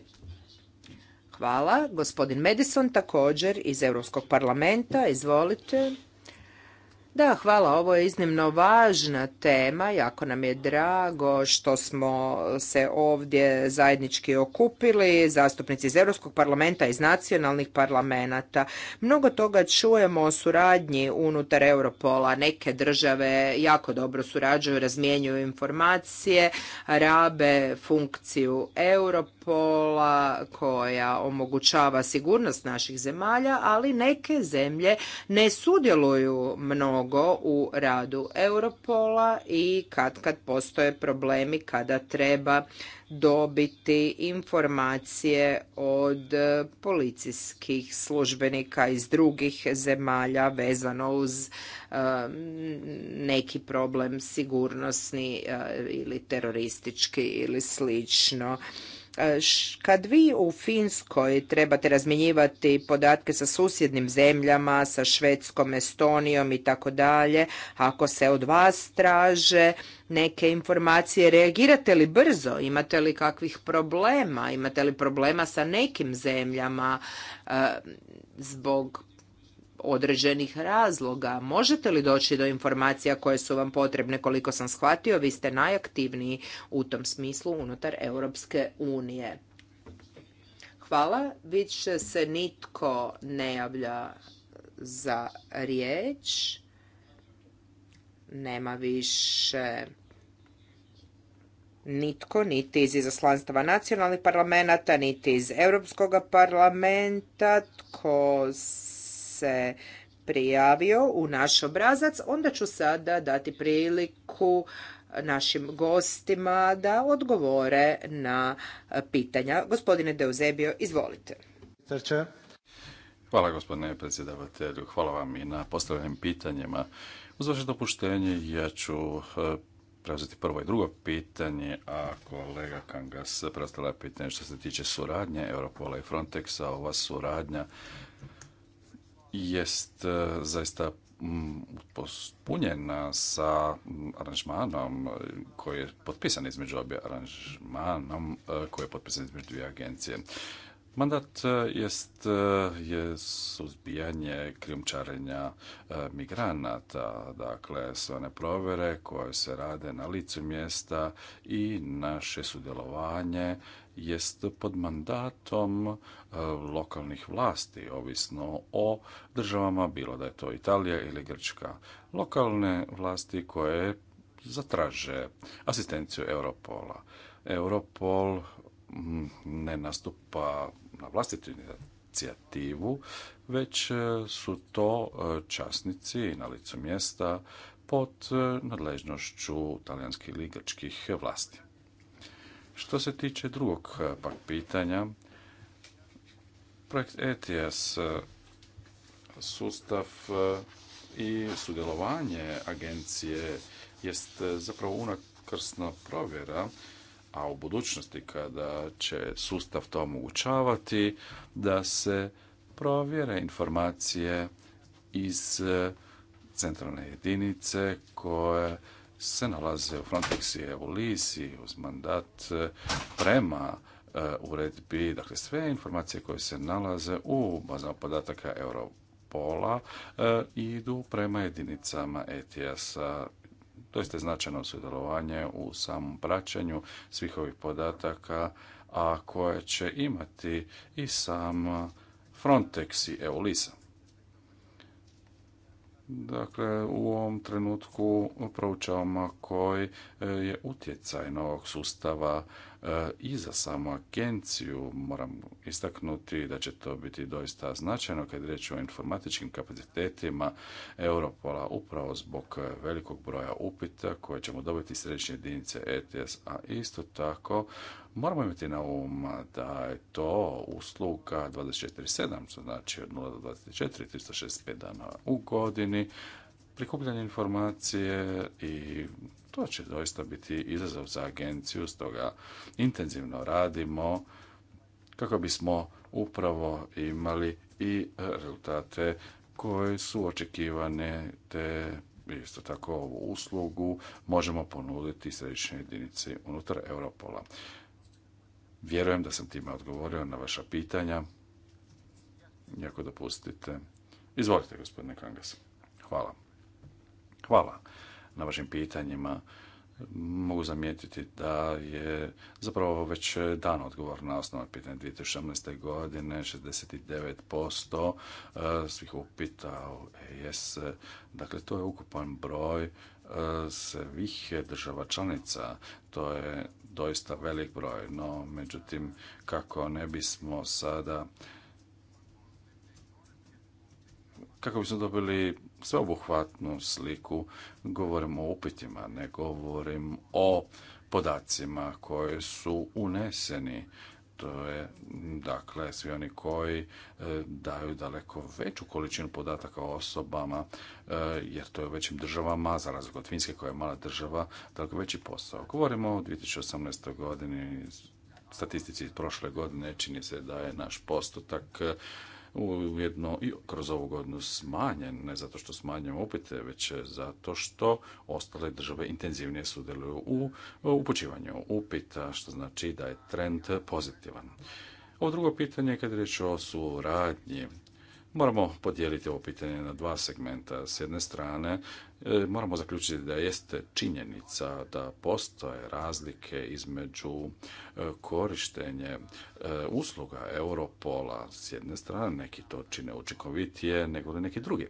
Hvala. Gospodin Madison također iz Europskog parlamenta. Izvolite. Da, hvala. Ovo je iznimno važna tema. Jako nam je drago što smo se ovdje zajednički okupili, zastupnici iz Europskog parlamenta, iz nacionalnih parlamenta. Mnogo toga čujemo o suradnji unutar Europola. Neke države jako dobro surađuju, razmjenjuju informacije, rabe funkciju Europola Pola koja omogućava sigurnost naših zemalja, ali neke zemlje ne sudjeluju mnogo u radu Europola i kad kad postoje problemi kada treba dobiti informacije od policijskih službenika iz drugih zemalja vezano uz e, neki problem sigurnosni e, ili teroristički ili slično. E, kad vi u Finskoj trebate razmjenjivati podatke sa susjednim zemljama, sa Švedskom, Estonijom i tako dalje, ako se od vas traže neke informacije, reagirate li brzo? Imate li kakvih problema? Imate li problema sa nekim zemljama e, zbog određenih razloga. Možete li doći do informacija koje su vam potrebne? Koliko sam shvatio, vi ste najaktivniji u tom smislu unutar Europske unije. Hvala. Više se nitko ne javlja za riječ. Nema više nitko, niti iz izaslanstva nacionalnih parlamenta, niti iz Europskog parlamenta. Tko se prijavio u naš obrazac, onda ću sada dati priliku našim gostima da odgovore na pitanja. Gospodine Deuzebio, izvolite. Hvala gospodine predsjedavatelju, hvala vam i na postavljenim pitanjima. Uz vaše dopuštenje ja ću e, preuzeti prvo i drugo pitanje, a kolega Kangas predstavlja pitanje što se tiče suradnje Europola i Frontexa. Ova suradnja jest e, zaista mm, pospunjena sa mm, aranžmanom e, koji je potpisan između obje aranžmanom e, koji je potpisan između dvije agencije. Mandat e, jest e, je suzbijanje krijumčarenja e, migranata, dakle sve one provjere koje se rade na licu mjesta i naše sudjelovanje jest pod mandatom lokalnih vlasti, ovisno o državama, bilo da je to Italija ili Grčka. Lokalne vlasti koje zatraže asistenciju Europola. Europol ne nastupa na vlastitu inicijativu, već e, su to e, časnici na licu mjesta pod e, nadležnošću talijanskih ligačkih vlasti. Što se tiče drugog pak pitanja, projekt ETS sustav i sudjelovanje agencije jest zapravo unakrsna provjera a u budućnosti kada će sustav to omogućavati da se provjere informacije iz eh, centralne jedinice koje se nalaze u Frontex i Evolisi uz mandat eh, prema eh, uredbi, dakle sve informacije koje se nalaze u bazama podataka Europola idu prema jedinicama ETS-a to jeste značajno sudjelovanje u samom praćenju svih ovih podataka, a koje će imati i sam Frontex i EULISA. Dakle, u ovom trenutku proučavamo koji je utjecaj novog sustava i za samu agenciju moram istaknuti da će to biti doista značajno kad je o informatičkim kapacitetima Europola upravo zbog velikog broja upita koje ćemo dobiti središnje jedinice ETS, a isto tako Moramo imati na umu da je to usluga 24.7, što znači od 0 do 24, 365 dana u godini, prikupljanje informacije i to će doista biti izazov za agenciju, stoga intenzivno radimo kako bismo upravo imali i rezultate koje su očekivane te isto tako ovu uslugu možemo ponuditi središnjoj jedinici unutar Europola. Vjerujem da sam time odgovorio na vaša pitanja. Iako dopustite. Izvolite, gospodine Kangas. Hvala. Hvala na vašim pitanjima. Mogu zamijetiti da je zapravo već dan odgovor na osnovno pitanje 2018. godine 69% eh, svih upita u EIS. Dakle, to je ukupan broj eh, svih država članica. To je doista velik broj, no međutim kako ne bismo sada kako bismo dobili sveobuhvatnu sliku, govorimo o upitima, ne govorim o podacima koji su uneseni. To je, dakle, svi oni koji e, daju daleko veću količinu podataka o osobama, e, jer to je u većim državama, za razliku od Finske koja je mala država, daleko veći posao. Govorimo o 2018. godini, statistici iz prošle godine čini se da je naš postotak ujedno i kroz ovu godinu smanjen, ne zato što smanjujemo upite, već zato što ostale države intenzivnije sudjeluju u upućivanju upita, što znači da je trend pozitivan. Ovo drugo pitanje kad je riječ o suradnji, Moramo podijeliti ovo pitanje na dva segmenta. S jedne strane, e, moramo zaključiti da jeste činjenica da postoje razlike između e, korištenje e, usluga Europola. S jedne strane, neki to čine učinkovitije nego neki drugi.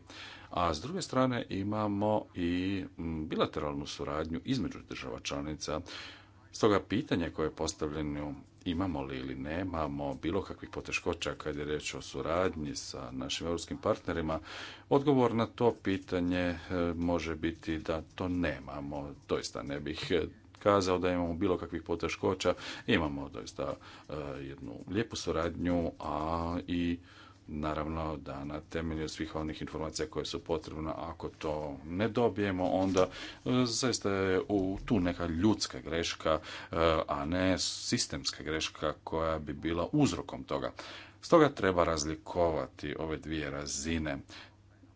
A s druge strane imamo i bilateralnu suradnju između država članica Stoga pitanje koje je postavljeno imamo li ili nemamo bilo kakvih poteškoća kad je reč o suradnji sa našim europskim partnerima, odgovor na to pitanje e, može biti da to nemamo. Doista ne bih e, kazao da imamo bilo kakvih poteškoća. Imamo doista e, jednu lijepu suradnju, a i naravno da na temelju svih onih informacija koje su potrebne, ako to ne dobijemo, onda e, zaista je u tu neka ljudska greška, e, a ne sistemska greška koja bi bila uzrokom toga. Stoga treba razlikovati ove dvije razine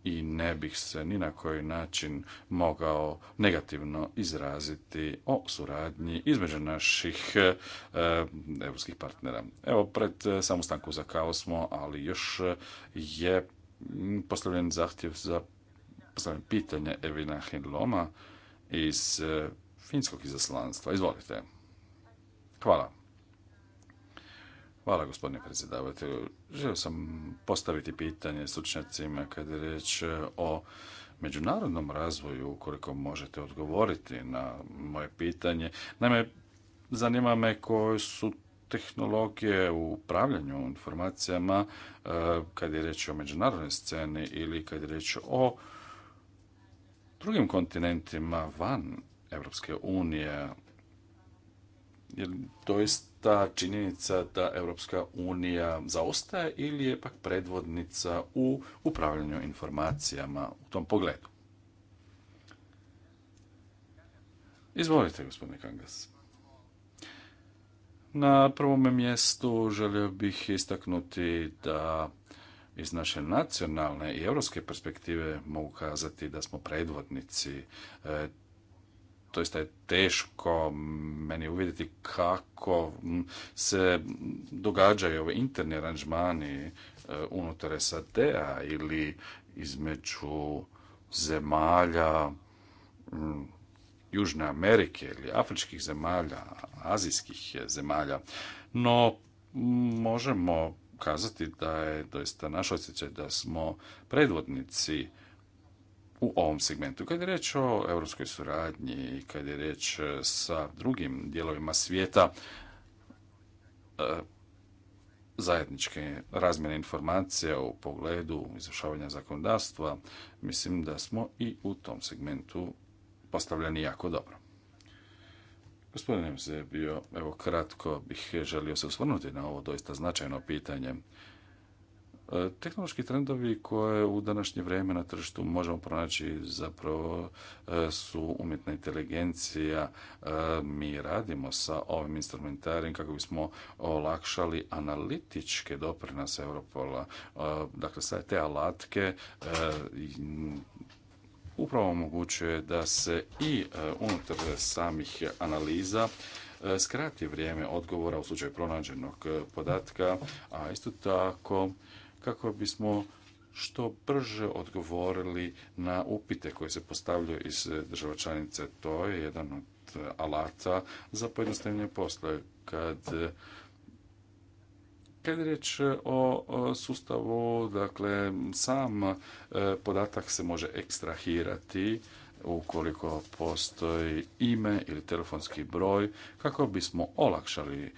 i ne bih se ni na koji način mogao negativno izraziti o suradnji između naših e, europskih partnera. Evo, pred e, samostanku za kao smo, ali još e, je postavljen zahtjev za postavljen pitanje Evina Hindloma iz finskog izaslanstva. Izvolite. Hvala. Hvala gospodine predsjedavatelju. Želio sam postaviti pitanje stručnjacima kada je riječ e, o međunarodnom razvoju, ukoliko možete odgovoriti na moje pitanje. Naime, zanima me koje su tehnologije u upravljanju informacijama e, kad je riječ o međunarodnoj sceni ili kad je riječ o drugim kontinentima van Europske unije. Jer doista ta činjenica da Europska unija zaostaje ili je pak predvodnica u upravljanju informacijama u tom pogledu? Izvolite, gospodine Kangas. Na prvome mjestu želio bih istaknuti da iz naše nacionalne i europske perspektive mogu kazati da smo predvodnici e, doista je teško meni uvidjeti kako se događaju ove interni aranžmani e, unutar SAD-a ili između zemalja Južne Amerike ili afričkih zemalja, azijskih zemalja. No, možemo kazati da je doista naš osjećaj da smo predvodnici u ovom segmentu. Kad je reč o europskoj suradnji i kad je reč e, sa drugim dijelovima svijeta, e, zajedničke razmjene informacija u pogledu izvršavanja zakonodavstva, mislim da smo i u tom segmentu postavljeni jako dobro. Gospodine bio, evo kratko bih želio se osvrnuti na ovo doista značajno pitanje. E, tehnološki trendovi koje u današnje vrijeme na tržištu možemo pronaći zapravo e, su umjetna inteligencija. E, mi radimo sa ovim instrumentarijem kako bismo olakšali analitičke doprinose Europola. Dakle, sve te alatke upravo omogućuje da se i unutar samih analiza skrati vrijeme odgovora u slučaju pronađenog podatka, a isto tako kako bismo što brže odgovorili na upite koje se postavljaju iz eh, država članice. To je jedan od eh, alata za pojednostavljanje posla. Kad eh, kad je riječ o sustavu, dakle, sam podatak se može ekstrahirati ukoliko postoji ime ili telefonski broj kako bismo olakšali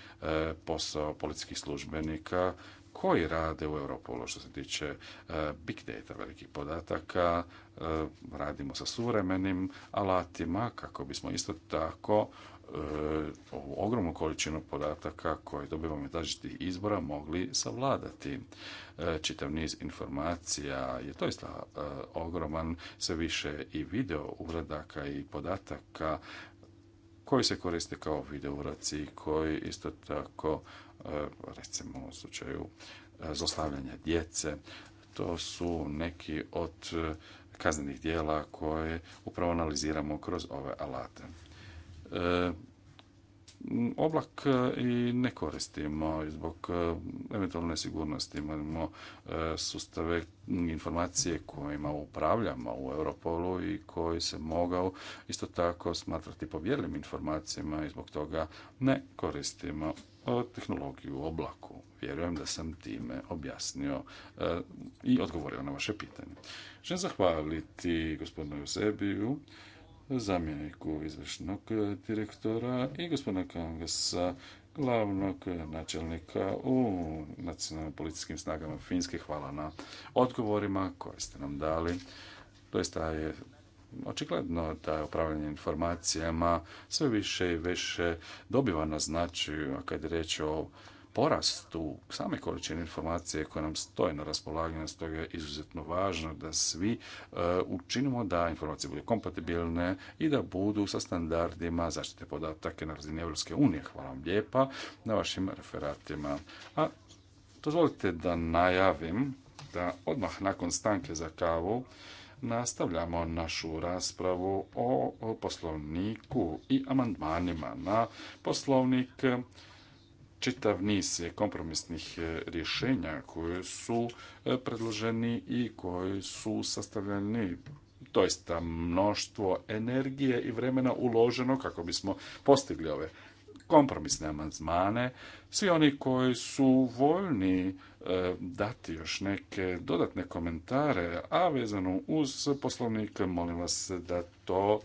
posao policijskih službenika koji rade u Europolu što se tiče e, big data, velikih podataka. E, radimo sa suvremenim alatima kako bismo isto tako e, ovu ogromnu količinu podataka koje dobivamo iz različitih izbora mogli savladati. Čitav niz informacija je to doista ogroman, sve više i video uradaka i podataka koji se koriste kao video uraci, koji isto tako E, recimo u slučaju e, zlostavljanja djece. To su neki od e, kaznenih dijela koje upravo analiziramo kroz ove alate. Oblak i ne koristimo zbog eventualne sigurnosti Imamo sustave informacije kojima upravljamo u Europolu i koji se mogao isto tako smatrati povjerljivim informacijama i zbog toga ne koristimo tehnologiju u oblaku. Vjerujem da sam time objasnio e, i odgovorio na vaše pitanje. Želim zahvaliti gospodinu Eusebiju, zamjeniku izvršnog direktora i gospodina Kangasa, glavnog načelnika u nacionalnim policijskim snagama Finske. Hvala na odgovorima koje ste nam dali. To je očigledno da je upravljanje informacijama sve više i više dobiva na značaju kad je riječ o porastu same količine informacije koje nam stoje na raspolaganju, stoga je izuzetno važno da svi e, učinimo da informacije budu kompatibilne i da budu sa standardima zaštite podataka na razini Evropske unije. Hvala vam lijepa na vašim referatima. A dozvolite da najavim da odmah nakon stanke za kavu nastavljamo našu raspravu o poslovniku i amandmanima na poslovnik. Čitav niz kompromisnih e, rješenja koje su e, predloženi i koji su sastavljeni je mnoštvo energije i vremena uloženo kako bismo postigli ove kompromisne amandmane, svi oni koji su voljni e, dati još neke dodatne komentare, a vezano uz poslovnik, molim vas da to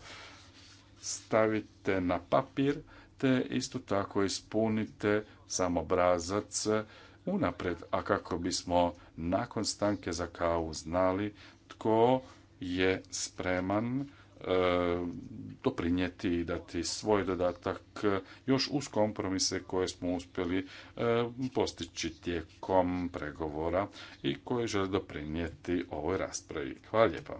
stavite na papir, te isto tako ispunite sam obrazac unapred, a kako bismo nakon stanke za kavu znali tko je spreman E, doprinijeti i dati svoj dodatak e, još uz kompromise koje smo uspjeli e, postići tijekom pregovora i koje žele doprinijeti ovoj raspravi. Hvala lijepa.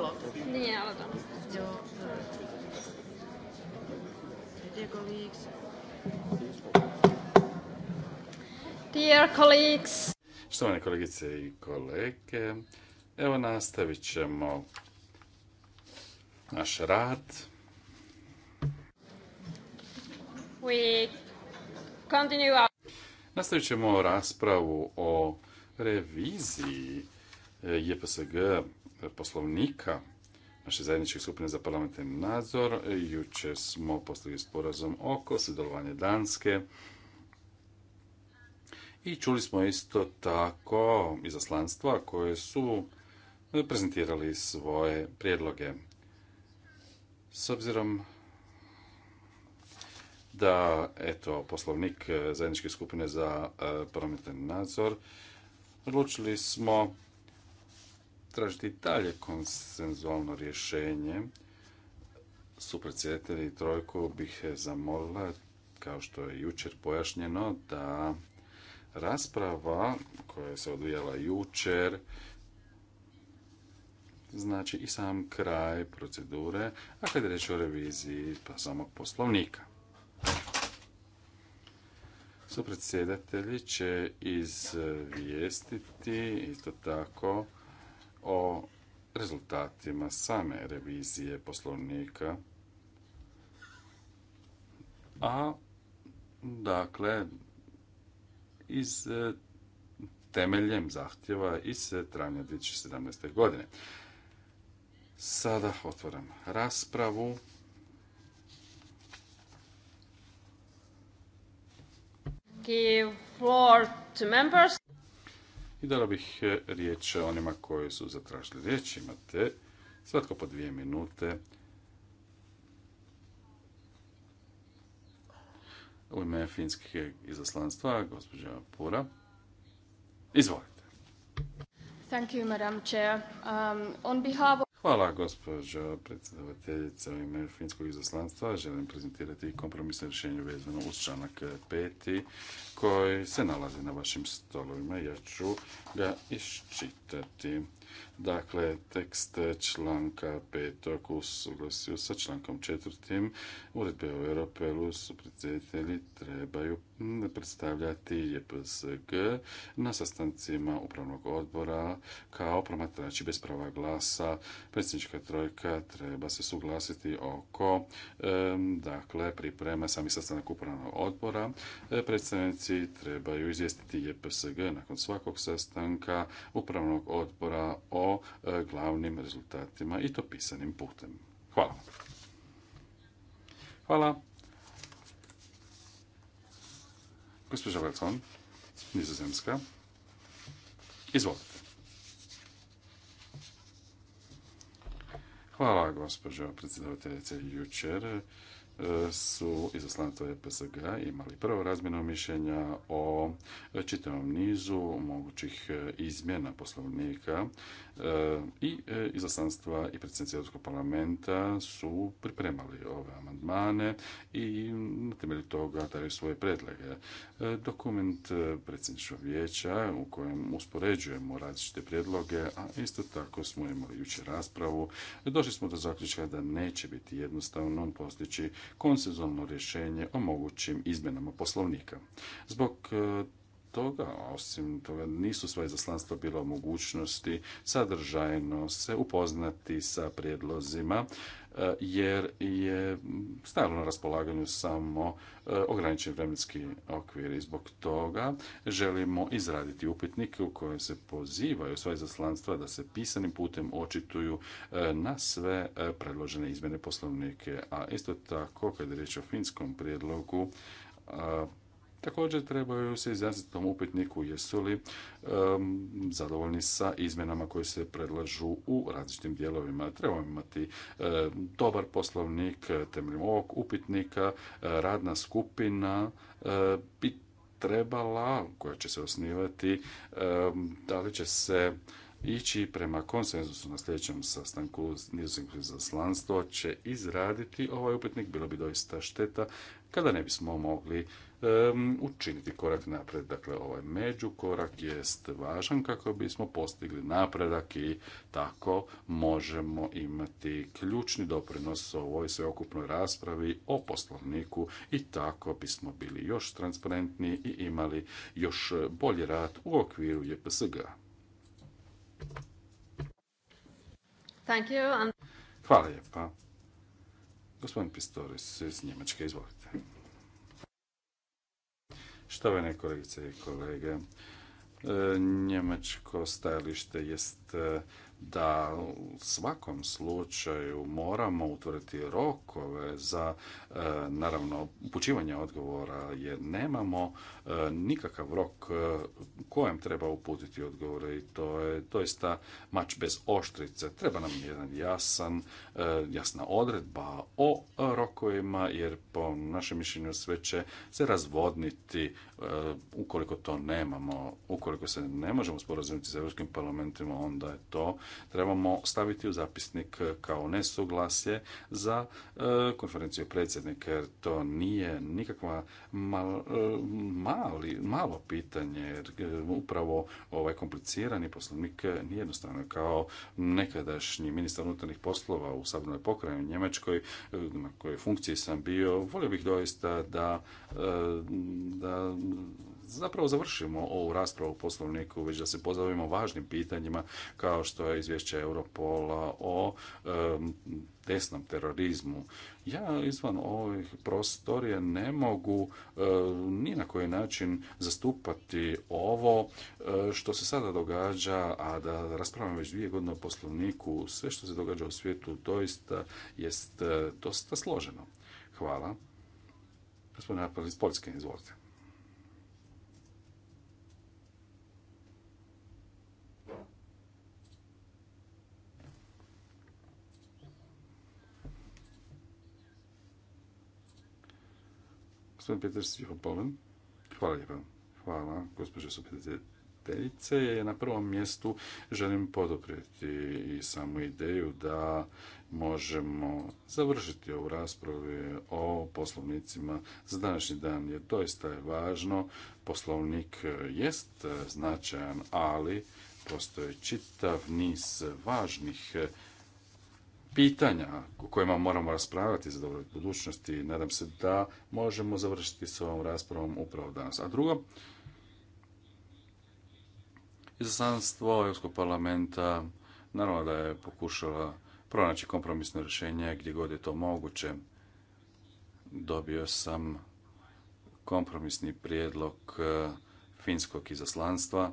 Alo. Nije alo danas. Dear colleagues. Dear colleagues. Štovane kolegice i kolege, evo nastavit ćemo naš rad. We continue our... Nastavit ćemo raspravu o reviziji e, JPSG poslovnika naše zajedničke skupine za parlamentarni nadzor. Juče smo postavili sporazum oko sudjelovanja Danske. I čuli smo isto tako izaslanstva koje su prezentirali svoje prijedloge. S obzirom da, eto, poslovnik zajedničke skupine za eh, parlamentarni nadzor, odlučili smo tražiti dalje konsenzualno rješenje. Supredsjedatelji trojku bih zamolila, kao što je jučer pojašnjeno, da rasprava koja se odvijala jučer, znači i sam kraj procedure, a kada je reč o reviziji pa samog poslovnika. Supredsjedatelji će izvijestiti isto tako o rezultatima same revizije poslovnika. A, dakle, iz e, temeljem zahtjeva iz e, travnja 2017. godine. Sada otvaram raspravu. Give floor to members i dala bih e, riječ onima koji su zatražili riječ. Imate svatko po dvije minute. U ime finskih izaslanstva, gospođa Pura. Izvolite. Thank Madam um, on Hvala gospođo predsjedavateljica u ime Finskog izaslanstva. Želim prezentirati kompromisno rješenje vezano uz članak peti koji se nalazi na vašim stolovima. Ja ću ga iščitati. Dakle, tekst članka petog u suglasju sa člankom četvrtim uredbe o Europelu su predsjedatelji trebaju predstavljati JPSG na sastancima upravnog odbora kao promatrači bez prava glasa. Predsjednička trojka treba se suglasiti oko dakle, priprema sami sastanak upravnog odbora. Predsjednici trebaju izvijestiti JPSG nakon svakog sastanka upravnog odbora o E, glavnim rezultatima i to pisanim putem. Hvala. Hvala. Gospođa nizozemska. Izvolite. Hvala, gospođo predsjedavateljice. Jučer su izaslanstva EPSG imali prvo razmjeno mišljenja o čitavom nizu mogućih e, izmjena poslovnika e, i e, izaslanstva i predsjednici Europskog parlamenta su pripremali ove amandmane i na temelju toga daju svoje predlage. Dokument predsjedničkog vijeća u kojem uspoređujemo različite prijedloge, a isto tako smo imali jučer raspravu, došli smo do zaključka da neće biti jednostavno postići konsenzualno rješenje o mogućim izmjenama poslovnika. Zbog e, toga, osim toga, nisu svoje zaslanstva bilo mogućnosti sadržajno se upoznati sa prijedlozima Eh, jer je stajalo na raspolaganju samo eh, ograničen vremenski okvir i zbog toga želimo izraditi upitnike u kojem se pozivaju sva izaslanstva da se pisanim putem očituju eh, na sve predložene izmjene poslovnike, a isto tako kad je riječ o finskom prijedlogu Također trebaju se izjasniti tom upitniku jesu li zadovoljni sa izmjenama koje se predlažu u različitim dijelovima. Trebamo imati dobar poslovnik temeljem ovog upitnika, radna skupina bi trebala, koja će se osnivati, da li će se ići prema konsenzusu na sljedećem sastanku nizozemskog zaslanstvo će izraditi ovaj upitnik, bilo bi doista šteta kada ne bismo mogli um, učiniti korak napred. Dakle, ovaj međukorak jest važan kako bismo postigli napredak i tako možemo imati ključni doprinos ovoj sveokupnoj raspravi o poslovniku i tako bismo bili još transparentniji i imali još bolji rad u okviru jpsg Hvala lijepa. Gospodin Pistoris iz Njemačke, izvolite. Štovane kolegice i kolege, e, njemačko stajalište jest e, da u svakom slučaju moramo utvrditi rokove za e, naravno upućivanje odgovora jer nemamo e, nikakav rok e, kojem treba uputiti odgovore i to je doista mač bez oštrice. Treba nam jedan jasan, jasna odredba o rokovima jer po našem mišljenju sve će se razvodniti ukoliko to nemamo, ukoliko se ne možemo sporazumiti sa Europskim parlamentima onda je to trebamo staviti u zapisnik kao nesuglasje za e, konferenciju predsjednika jer to nije nikakva e, malo pitanje jer e, upravo ovaj komplicirani poslovnik nije jednostavno kao nekadašnji ministar unutarnjih poslova u Sabornoj pokrajini Njemačkoj na kojoj funkciji sam bio volio bih doista da, da zapravo završimo ovu raspravu u poslovniku, već da se pozabavimo važnim pitanjima kao što je izvješće Europola o desnom terorizmu. Ja izvan ovih prostorije ne mogu ni na koji način zastupati ovo što se sada događa, a da raspravljam već dvije godine o poslovniku, sve što se događa u svijetu doista jest e, dosta složeno. Hvala. Gospodin Apel iz Poljske, izvolite. Gospodin Hvala Hvala, gospođo supredsjedateljice. na prvom mjestu želim podoprijeti i samu ideju da možemo završiti ovu raspravu o poslovnicima za današnji dan, jer doista je važno. Poslovnik jest značajan, ali postoje čitav niz važnih pitanja o kojima moramo raspravljati za dobro budućnosti. Nadam se da možemo završiti s ovom raspravom upravo danas. A drugo, izaslanstvo Europskog parlamenta naravno da je pokušala pronaći kompromisno rješenje gdje god je to moguće. Dobio sam kompromisni prijedlog e, finskog izaslanstva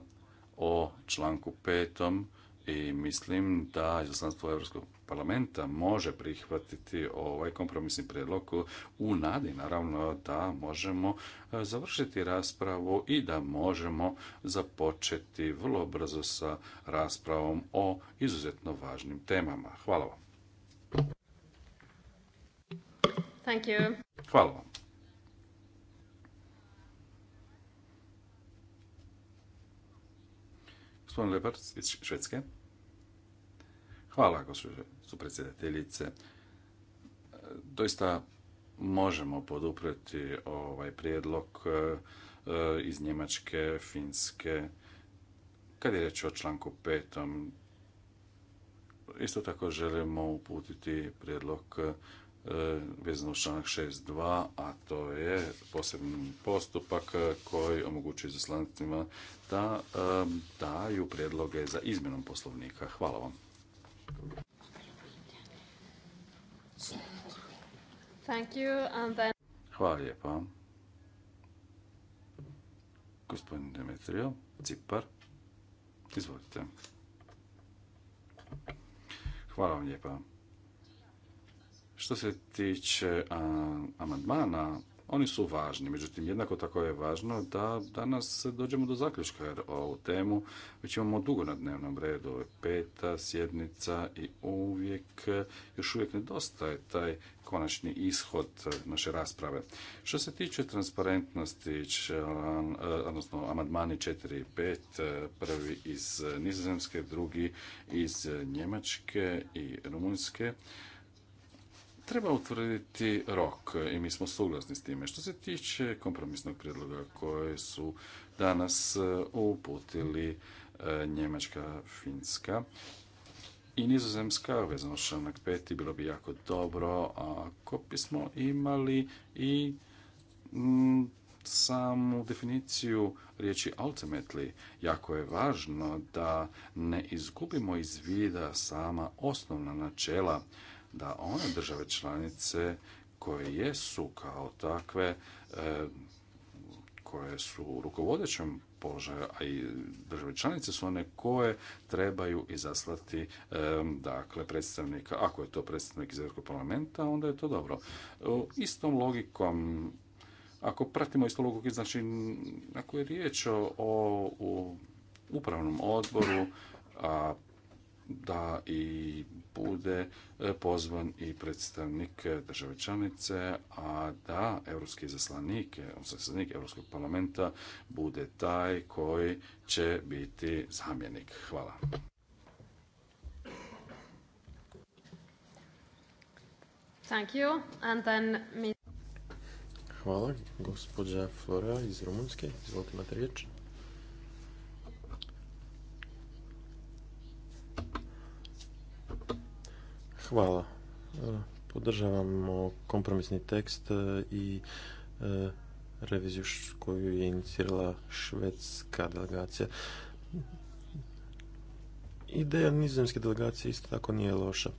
o članku petom i mislim da izaslanstvo Europskog parlamenta može prihvatiti ovaj kompromisni prijedlog u nadi naravno da možemo e, završiti raspravu i da možemo započeti vrlo brzo sa raspravom o izuzetno važnim temama. Hvala vam. Thank you. Hvala vam. Gospodin iz Švedske. Hvala, gospođo supredsjedateljice. E, doista možemo podupreti ovaj prijedlog e, e, iz Njemačke, Finske, kad je reč o članku petom, isto tako želimo uputiti prijedlog vezano uz članak 6.2, a to je posebni postupak koji omogućuje zaslanicima da daju prijedloge za izmjenom poslovnika. Hvala vam. Thank you, and then... Hvala lijepa. Gospodin Demetrio, Cipar, izvolite. Hvala vam lijepa. Što se tiče amandmana oni su važni, međutim jednako tako je važno da danas dođemo do zaključka jer ovu temu već imamo dugo na dnevnom redu, ovo peta sjednica i uvijek još uvijek nedostaje taj konačni ishod naše rasprave. Što se tiče transparentnosti, e, odnosno amandmani 4 i 5, e, prvi iz Nizozemske, drugi iz Njemačke i Rumunjske, Treba utvrditi rok i mi smo suglasni s time. Što se tiče kompromisnog prijedloga koje su danas e, uputili e, Njemačka, Finska i Nizozemska, vezano članak 5. bilo bi jako dobro ako bismo imali i samu definiciju riječi ultimately. Jako je važno da ne izgubimo iz vida sama osnovna načela da one države članice koje jesu kao takve e, koje su u rukovodećem položaju, a i države članice su one koje trebaju izaslati e, dakle predstavnika. Ako je to predstavnik iz Europskog parlamenta, onda je to dobro. Istom logikom, ako pratimo istu logiku, znači ako je riječ o, o upravnom odboru, a da i bude e, pozvan i predstavnik države članice, a da europski zaslanik, zaslanik Europskog parlamenta bude taj koji će biti zamjenik. Hvala. Hvala, gospođa Flora iz Rumunjske. Izvolite imate riječ. Hvala. E, Podržavamo kompromisni tekst e, i e, reviziju koju je inicirala švedska delegacija. Ideja nizozemske delegacije isto tako nije loša.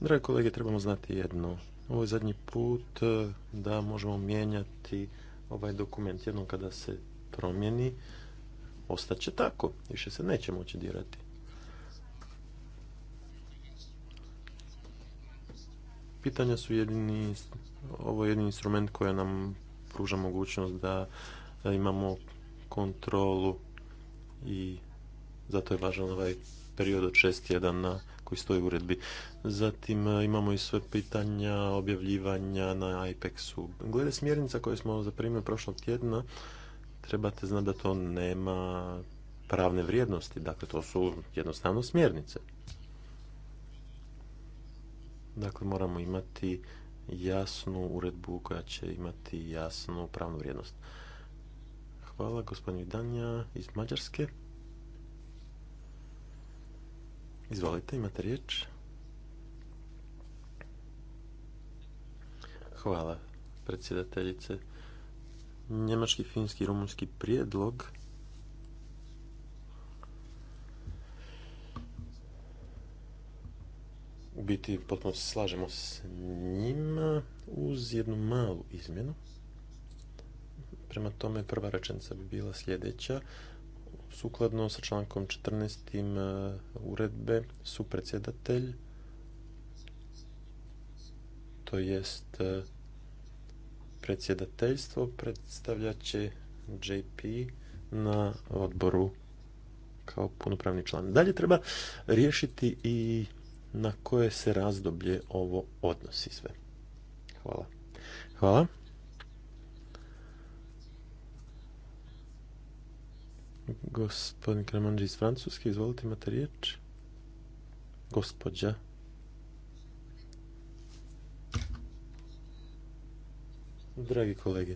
Drage kolege, trebamo znati jedno. Ovo je zadnji put da možemo mijenjati ovaj dokument. Jednom kada se promijeni, ostaće tako. Više se neće moći dirati. pitanja su jedini, ovo je jedini instrument koji nam pruža mogućnost da, imamo kontrolu i zato je važan ovaj period od šest na koji stoji u uredbi. Zatim e, imamo i sve pitanja objavljivanja na IPEX-u. Glede smjernica koje smo zaprimili prošlog tjedna, trebate znati da to nema pravne vrijednosti. Dakle, to su jednostavno smjernice. Dakle, moramo imati jasnu uredbu koja će imati jasnu pravnu vrijednost. Hvala gospodinu Danja iz Mađarske. Izvolite, imate riječ. Hvala predsjedateljice. Njemački, finski i rumunski prijedlog u biti potpuno se slažemo s njima e, uz jednu malu izmjenu. Prema tome prva rečenica bi bila sljedeća. Sukladno sa člankom 14. E, uredbe su predsjedatelj to jest e, predsjedateljstvo predstavljaće JP na odboru kao punopravni član. Dalje treba riješiti i na koje se razdoblje ovo odnosi sve. Hvala. Hvala. Gospodin Kramanđi iz Francuske, izvolite, imate riječ. Gospodja. Dragi kolege,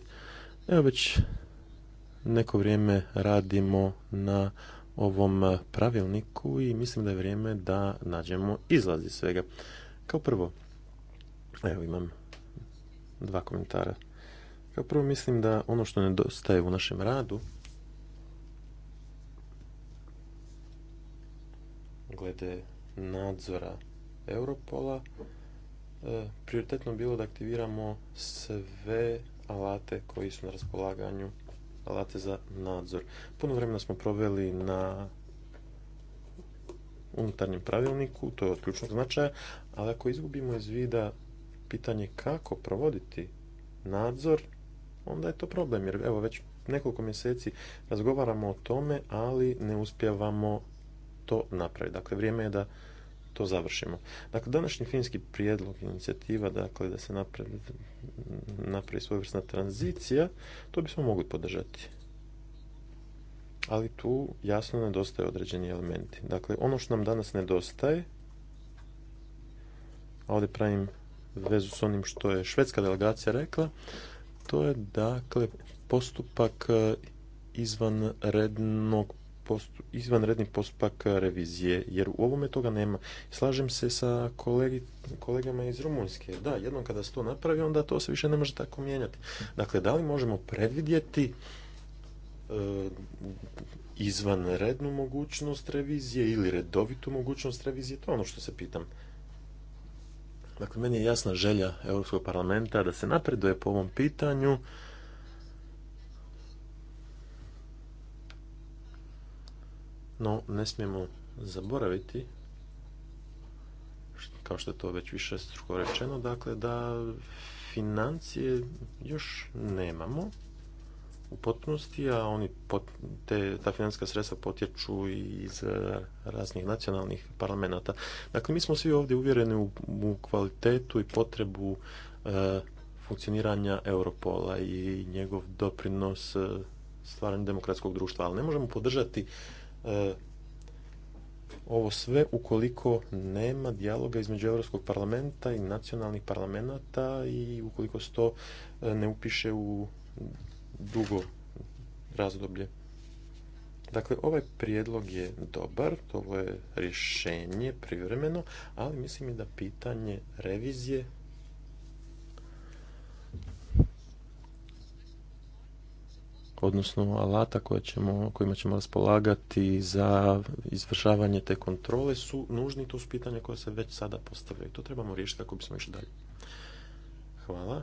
evo već neko vrijeme radimo na ovom eh, pravilniku i mislim da je vrijeme da nađemo izlazi svega. Kao prvo, evo imam dva komentara. Kao prvo mislim da ono što nedostaje u našem radu glede nadzora Europola eh, prioritetno bilo da aktiviramo sve alate koji su na raspolaganju alate za nadzor. Puno vremena smo proveli na unutarnjem pravilniku, to je od ključnog značaja, ali ako izgubimo iz vida pitanje kako provoditi nadzor, onda je to problem, jer evo već nekoliko mjeseci razgovaramo o tome, ali ne uspjevamo to napraviti. Dakle, vrijeme je da to završimo. Dakle, današnji finski prijedlog inicijativa, dakle, da se napravi, napravi svojevrsna tranzicija, to bismo mogli podržati. Ali tu jasno nedostaje određeni elementi. Dakle, ono što nam danas nedostaje, a ovdje pravim vezu s onim što je švedska delegacija rekla, to je dakle postupak e, izvanrednog izvanredni postupak revizije, jer u ovome toga nema. Slažem se sa kolegama iz Rumunjske. Da, jednom kada se to napravi, onda to se više ne može tako mijenjati. Dakle, da li možemo predvidjeti e, izvanrednu mogućnost revizije ili redovitu mogućnost revizije? To je ono što se pitam. Dakle, meni je jasna želja Europskog parlamenta da se napreduje po ovom pitanju, No, ne smijemo zaboraviti, kao što je to već više struko rečeno, dakle da financije još nemamo u potpunosti, a oni te, ta financijska sredstva potječu iz e, raznih nacionalnih parlamenta. Dakle, mi smo svi ovdje uvjereni u, kvalitetu i potrebu e, funkcioniranja Europola i njegov doprinos e, stvaranju demokratskog društva, ali ne možemo podržati E, ovo sve ukoliko nema dijaloga između Europskog parlamenta i nacionalnih parlamenta i ukoliko se to e, ne upiše u dugo razdoblje. Dakle, ovaj prijedlog je dobar, ovo je rješenje privremeno, ali mislim i da pitanje revizije odnosno alata koje ćemo, kojima ćemo raspolagati za izvršavanje te kontrole su nužni, to su pitanja koja se već sada postavljaju. To trebamo riješiti ako bismo išli dalje. Hvala.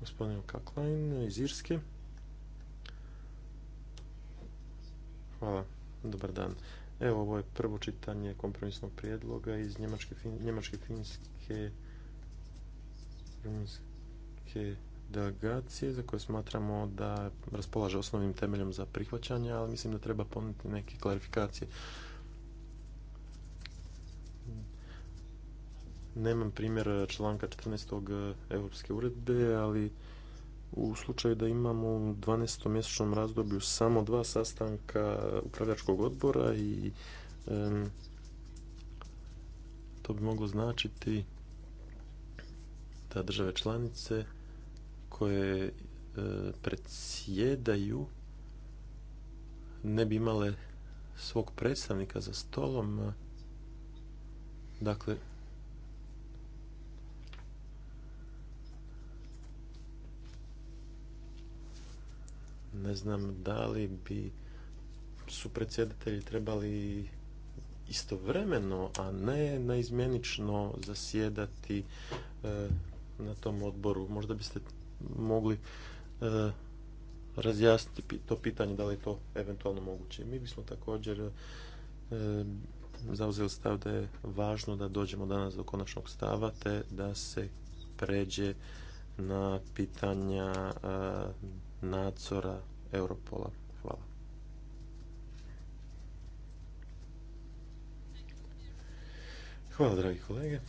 Gospodin Kaklajn iz Irske. Hvala, dobar dan. Evo, ovo je prvo čitanje kompromisnog prijedloga iz Njemačke, Njemačke finske, delegacije za koje smatramo da raspolaže osnovnim temeljem za prihvaćanje, ali mislim da treba ponuditi neke klarifikacije. Nemam primjer članka 14. Eh, europske uredbe, ali u slučaju da imamo u 12. mjesečnom razdoblju samo dva sastanka upravljačkog odbora i to bi moglo značiti da države članice koje e, predsjedaju ne bi imale svog predstavnika za stolom. Dakle, ne znam da li bi su predsjedatelji trebali istovremeno, a ne naizmjenično zasjedati e, na tom odboru. Možda biste mogli e, razjasniti to pitanje da li je to eventualno moguće. Mi bismo također e, zauzeli stav da je važno da dođemo danas do konačnog stava te da se pređe na pitanja e, nadzora Europola. Hvala. Hvala dragi kolege.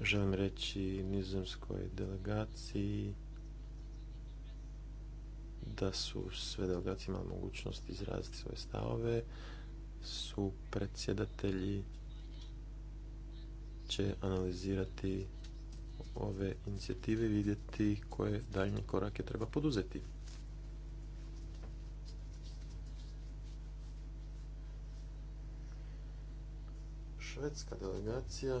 želim reći nizozemskoj delegaciji da su sve delegacije imali mogućnost izraziti svoje stavove su predsjedatelji će analizirati ove inicijative i vidjeti koje daljnje korake treba poduzeti. Švedska delegacija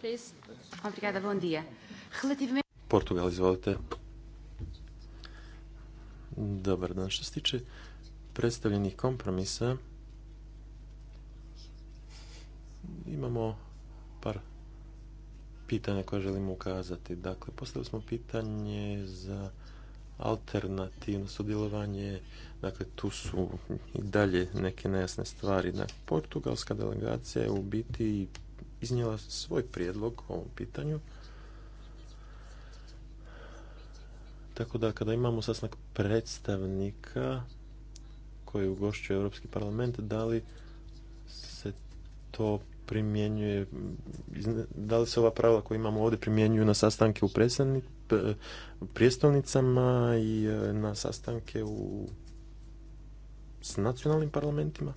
Please. Portugal, izvolite. Dobar dan. Što se tiče predstavljenih kompromisa, imamo par pitanja koje želimo ukazati. Dakle, postavili smo pitanje za alternativno sudjelovanje, dakle tu su i dalje neke nejasne stvari. Dakle, portugalska delegacija je u biti iznijela svoj prijedlog o ovom pitanju. Tako da kada imamo sasnak predstavnika koji ugošćuje Europski parlament, da li se to primjenjuje, da li se ova pravila koja imamo ovdje primjenjuju na sastanke u prijestolnicama i e, na sastanke u, s nacionalnim parlamentima?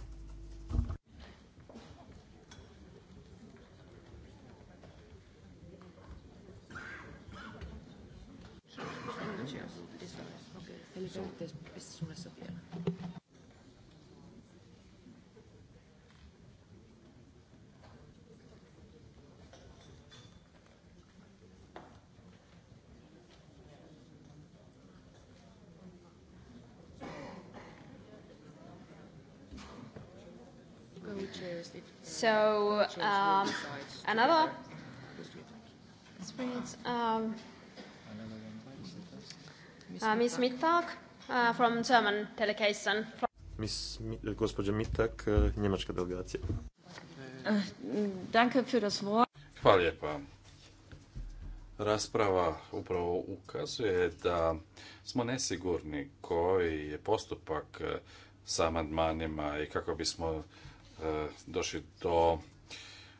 So, um, another experience. Um, uh, Ms. Mittag Uh, from Mitak, uh, njemačka delegacija. Uh, Hvala lijepa. Rasprava upravo ukazuje da smo nesigurni koji je postupak sa amandmanima i kako bismo došli do,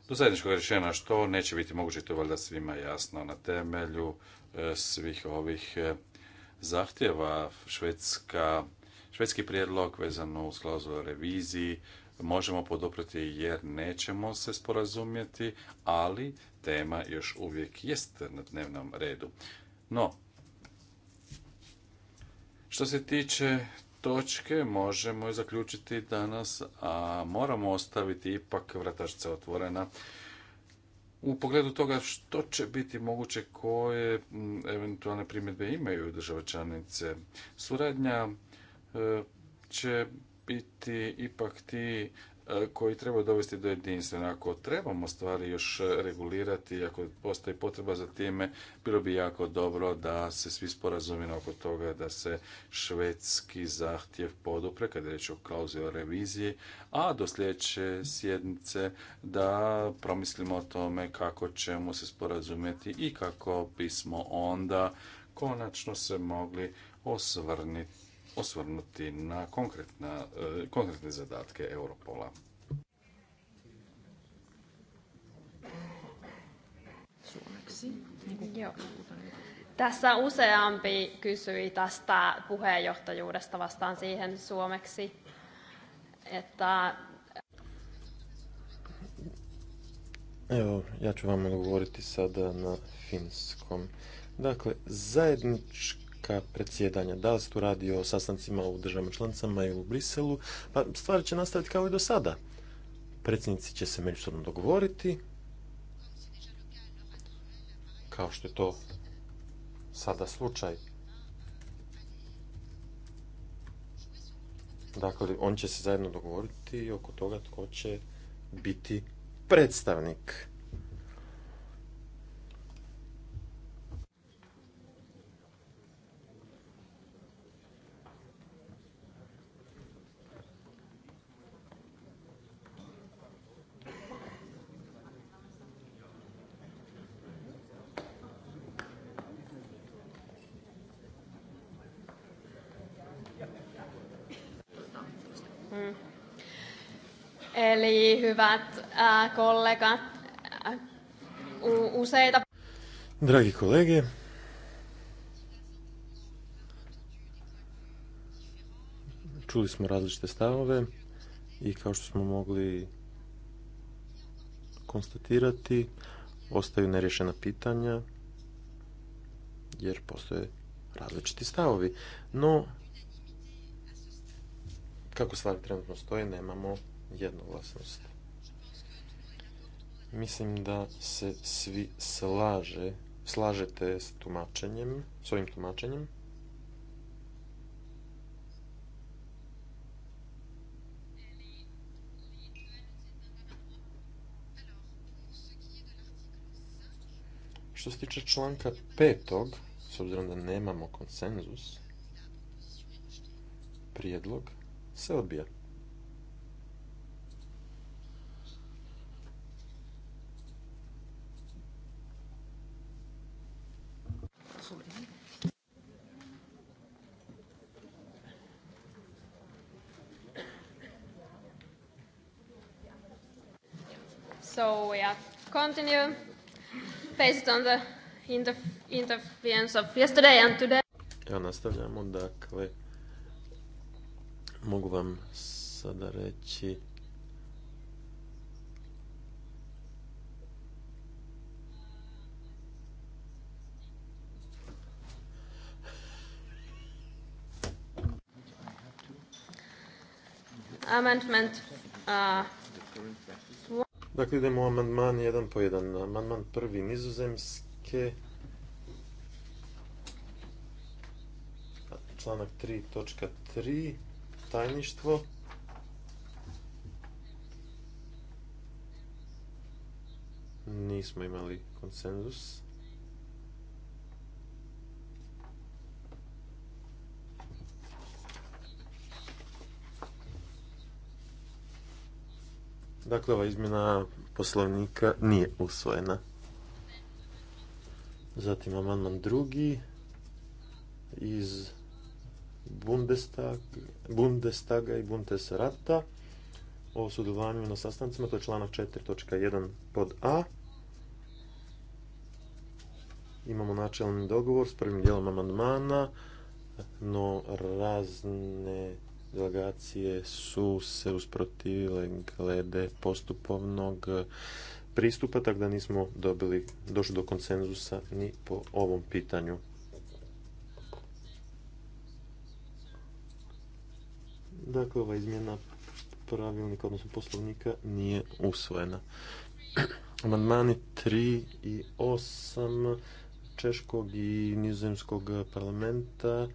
do zajedničkog rješenja što neće biti moguće, to je valjda svima jasno na temelju svih ovih zahtjeva švedski prijedlog vezano uz klauzulu reviziji možemo poduprijeti jer nećemo se sporazumjeti, ali tema još uvijek jest na dnevnom redu. No, što se tiče točke možemo zaključiti danas, a moramo ostaviti ipak vratačca otvorena u pogledu toga što će biti moguće koje eventualne primjedbe imaju države članice. Suradnja e, će biti ipak ti E, koji treba dovesti do jedinstva Ako trebamo stvari još regulirati, ako postoji potreba za time, bilo bi jako dobro da se svi sporazumi oko toga da se švedski zahtjev podupre, kada je o klauzi o reviziji, a do sljedeće sjednice da promislimo o tome kako ćemo se sporazumjeti i kako bismo onda konačno se mogli osvrniti osvrnuti na konkretna, e, konkretne zadatke Europola. Suomeksi. Tässä useampi kysyi tästä puheenjohtajuudesta vastaan siihen suomeksi, että Evo, ja ću vam odgovoriti sada na finskom. Dakle, zajednički predsjedanja. Da li se tu radi o sastancima u državnim članicama i u Briselu? Pa stvari će nastaviti kao i do sada. Predsjednici će se međusobno dogovoriti, kao što je to sada slučaj. Dakle, on će se zajedno dogovoriti oko toga tko će biti predstavnik Eli hyvät äh, kollegat, äh, Dragi kolege, čuli smo različite stavove i kao što smo mogli konstatirati, ostaju nerješena pitanja jer postoje različiti stavovi. No, kako stvari trenutno stoje, nemamo jednoglasnost. Mislim da se svi slaže, slažete s tumačenjem, s ovim tumačenjem. Što se tiče članka petog, s obzirom da nemamo konsenzus, prijedlog se odbija. So yeah, continue based on the interference of yesterday and today. Evo nastavljamo, dakle, mogu vam sada reći Amendment uh, Dakle, idemo u amandman jedan po jedan. Amandman prvi nizozemske. Članak 3.3. Tajništvo. Nismo imali konsenzus. Dakle, ova izmjena poslovnika nije usvojena. Zatim amandman drugi iz Bundestag, Bundestaga i Bundesrata o sudovanju na sastancima, to je članak 4.1 pod A. Imamo načelni dogovor s prvim dijelom amandmana, no razne delegacije su se usprotivile glede postupovnog pristupa, tako da nismo dobili, došli do konsenzusa ni po ovom pitanju. Dakle, ova izmjena pravilnika, odnosno poslovnika, nije usvojena. Amandmani 3 i 8 Češkog i Nizozemskog parlamenta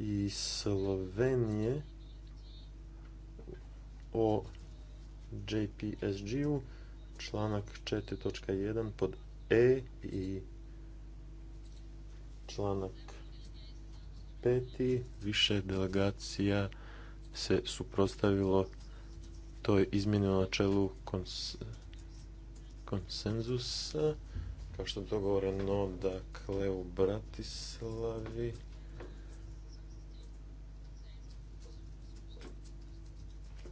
i Slovenije o JPSG-u, članak 4.1 pod E i članak 5. Više delegacija se suprotstavilo toj izmjeni na čelu konsenzusa, kao što je dogovoreno, dakle, u Bratislavi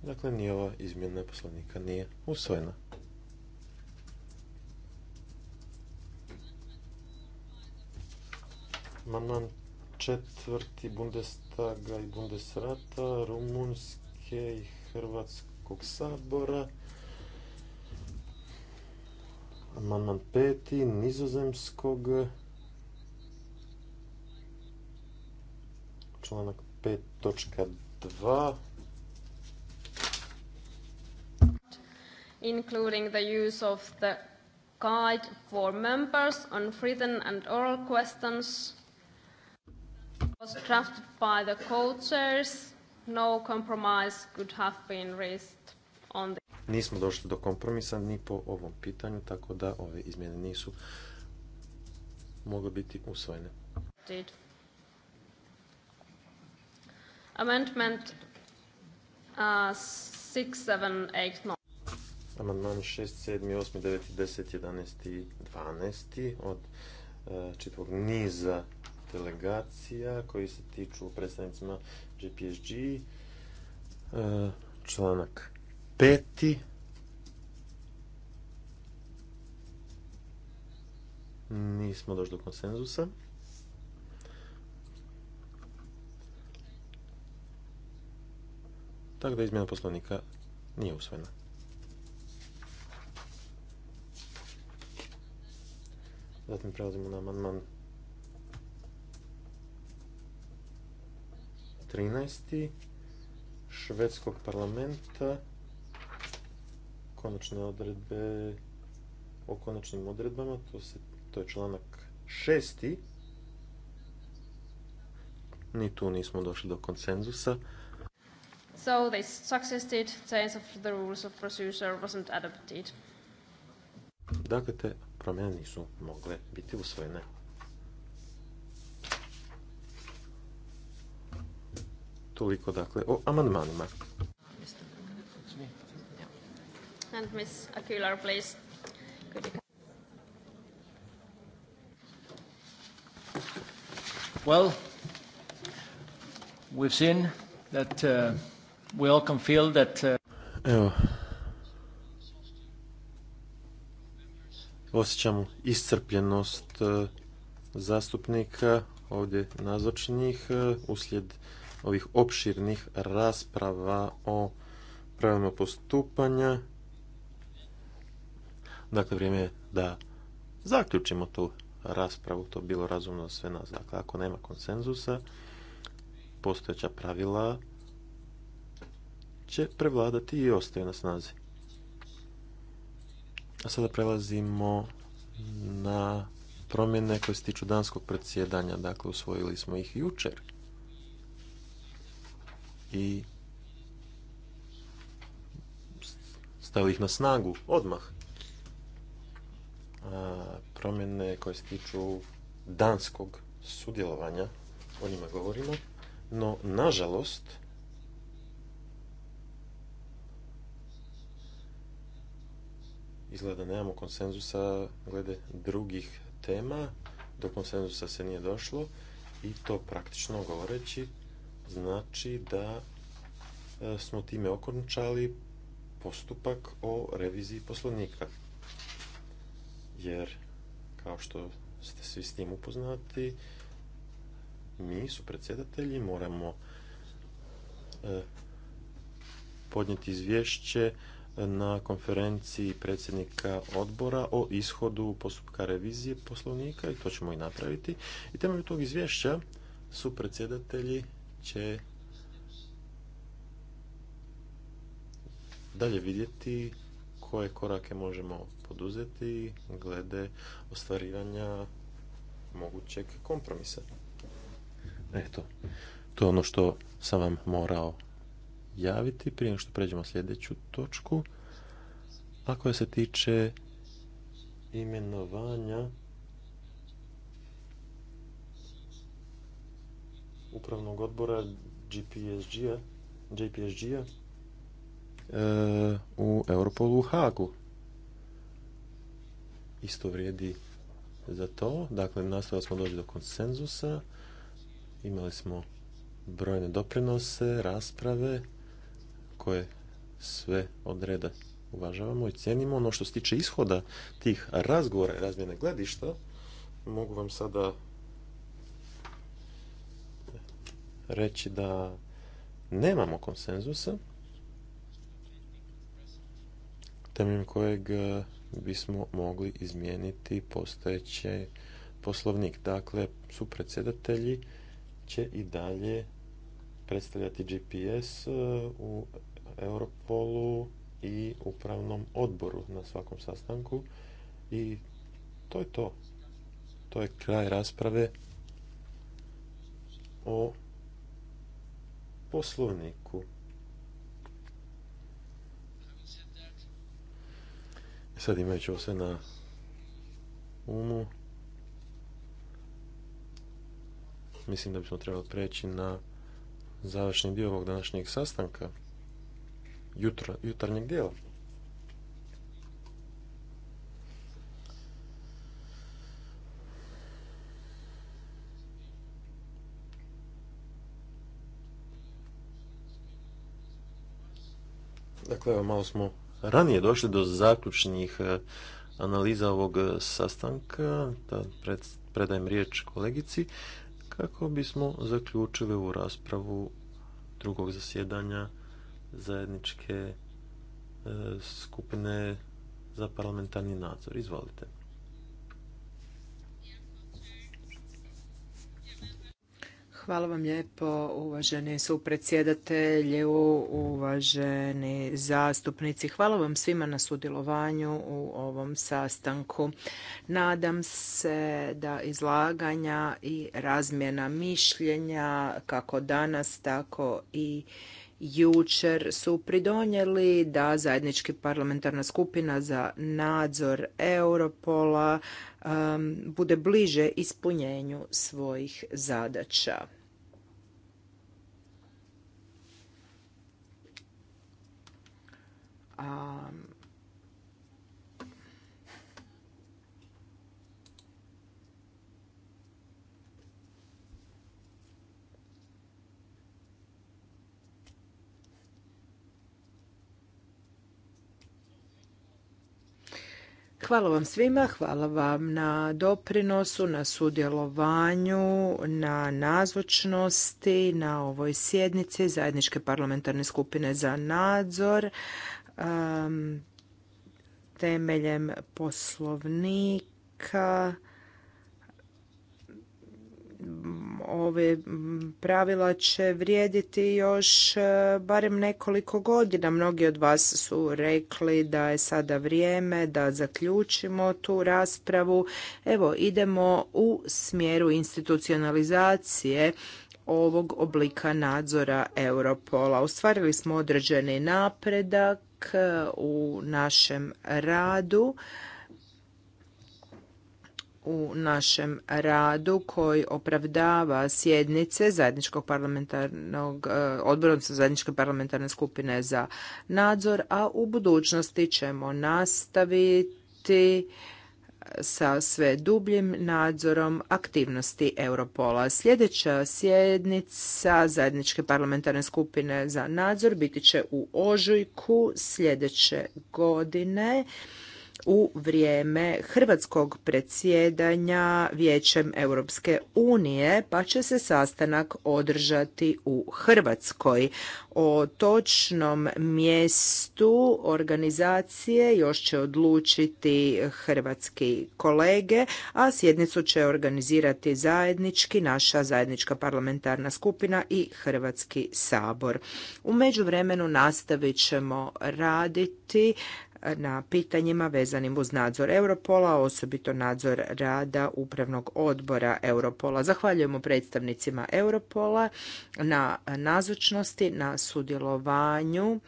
Dakle, ni ova izmjena poslovnika nije usvojena. Amandman četvrti Bundestaga i Bundesrata, rumunjske i Hrvatskog sabora. Amandman peti Nizozemskog članak 5.2 including the use of the guide for members on written and oral questions was drafted by the co-chairs. No compromise could have been raised on the... Nismo došli do kompromisa ni po ovom pitanju, tako da ove izmjene nisu mogle biti usvojene. Amendment uh, 6789 amandmani 6, 7, 8, 9, 10, 11 i 12 od e, čitavog niza delegacija koji se tiču predstavnicima GPSG. E, članak peti Nismo došli do konsenzusa. Tako da izmjena poslovnika nije usvojena. Zatim prelazimo na amandman 13. Švedskog parlamenta. Konačne odredbe o konačnim odredbama. To, se, to je članak 6. Ni tu nismo došli do konsenzusa. So they the rules of procedure wasn't adopted. Dakle, te promjene nisu mogle biti usvojene. Toliko dakle o amandmanima. Well, we've seen that uh, we all can feel that... Uh... Evo, osjećam iscrpljenost e, zastupnika ovdje nazočnih e, uslijed ovih opširnih rasprava o pravima postupanja. Dakle, vrijeme je da zaključimo tu raspravu, to bilo razumno sve nas. Dakle, ako nema konsenzusa, postojeća pravila će prevladati i ostaju na snazi. A sada prelazimo na promjene koje se tiču danskog predsjedanja. Dakle, usvojili smo ih jučer. I stavili ih na snagu odmah. promjene koje se tiču danskog sudjelovanja, o njima govorimo. No, nažalost, Izgleda nemamo konsenzusa glede drugih tema, do konsenzusa se nije došlo i to praktično govoreći znači da e, smo time okončali postupak o reviziji poslovnika. Jer, kao što ste svi s tim upoznati, mi su predsjedatelji, moramo e, podnijeti izvješće na konferenciji predsjednika odbora o ishodu postupka revizije poslovnika i to ćemo i napraviti. I temelju tog izvješća su predsjedatelji će dalje vidjeti koje korake možemo poduzeti glede ostvarivanja mogućeg kompromisa. Eto, to je ono što sam vam morao javiti prije nego što pređemo sljedeću točku, ako se tiče imenovanja upravnog odbora GPSG-a e, u Europolu u Hagu. Isto vrijedi za to. Dakle, nastavili smo doći do konsenzusa. Imali smo brojne doprinose, rasprave koje sve odreda uvažavamo i cijenimo. Ono što se tiče ishoda tih razgovora i razmjene gledišta, mogu vam sada reći da nemamo konsenzusa temeljem kojeg bismo mogli izmijeniti postojeće poslovnik. Dakle, su predsjedatelji će i dalje predstavljati GPS u Europolu i upravnom odboru na svakom sastanku i to je to. To je kraj rasprave o poslovniku. Sad imajući ovo sve na umu, mislim da bismo trebali preći na završni dio ovog današnjeg sastanka jutro, jutarnjeg dijela. Dakle, evo, malo smo ranije došli do zaključnih e, analiza ovog e, sastanka, da predajem riječ kolegici, kako bismo zaključili ovu raspravu drugog zasjedanja zajedničke e, skupine za parlamentarni nadzor. Izvolite. Hvala vam lijepo, uvaženi supredsjedatelju, uvaženi zastupnici. Hvala vam svima na sudjelovanju u ovom sastanku. Nadam se da izlaganja i razmjena mišljenja, kako danas, tako i jučer su pridonijeli da zajednički parlamentarna skupina za nadzor Europola um, bude bliže ispunjenju svojih zadaća. Um, Hvala vam svima, hvala vam na doprinosu, na sudjelovanju, na nazočnosti, na ovoj sjednici zajedničke parlamentarne skupine za nadzor. Um, temeljem poslovnika ove pravila će vrijediti još e, barem nekoliko godina. Mnogi od vas su rekli da je sada vrijeme da zaključimo tu raspravu. Evo, idemo u smjeru institucionalizacije ovog oblika nadzora Europola. Ostvarili smo određeni napredak e, u našem radu u našem radu koji opravdava sjednice zajedničkog parlamentarnog e, odbora, zajedničke parlamentarne skupine za nadzor, a u budućnosti ćemo nastaviti sa sve dubljim nadzorom aktivnosti Europola. Sljedeća sjednica zajedničke parlamentarne skupine za nadzor biti će u ožujku sljedeće godine u vrijeme hrvatskog predsjedanja Vijećem Europske unije, pa će se sastanak održati u Hrvatskoj. O točnom mjestu organizacije još će odlučiti hrvatski kolege, a sjednicu će organizirati zajednički naša zajednička parlamentarna skupina i Hrvatski sabor. U međuvremenu nastavit ćemo raditi na pitanjima vezanim uz nadzor Europola, osobito nadzor rada upravnog odbora Europola. Zahvaljujemo predstavnicima Europola na nazočnosti, na sudjelovanju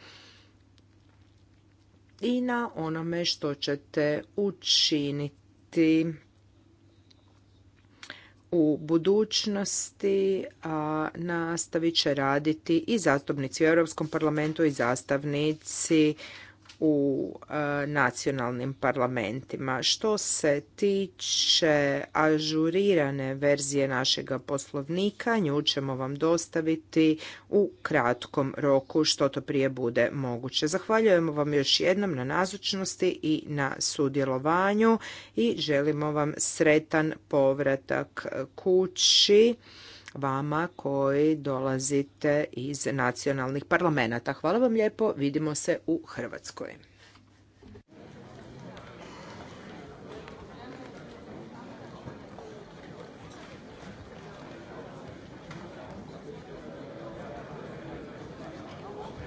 i na onome što ćete učiniti u budućnosti a nastavit će raditi i zastupnici u Europskom parlamentu i zastavnici u e, nacionalnim parlamentima. Što se tiče ažurirane verzije našega poslovnika, nju ćemo vam dostaviti u kratkom roku što to prije bude moguće. Zahvaljujemo vam još jednom na nazočnosti i na sudjelovanju i želimo vam sretan povratak kući vama koji dolazite iz nacionalnih parlamenta. Hvala vam lijepo, vidimo se u Hrvatskoj.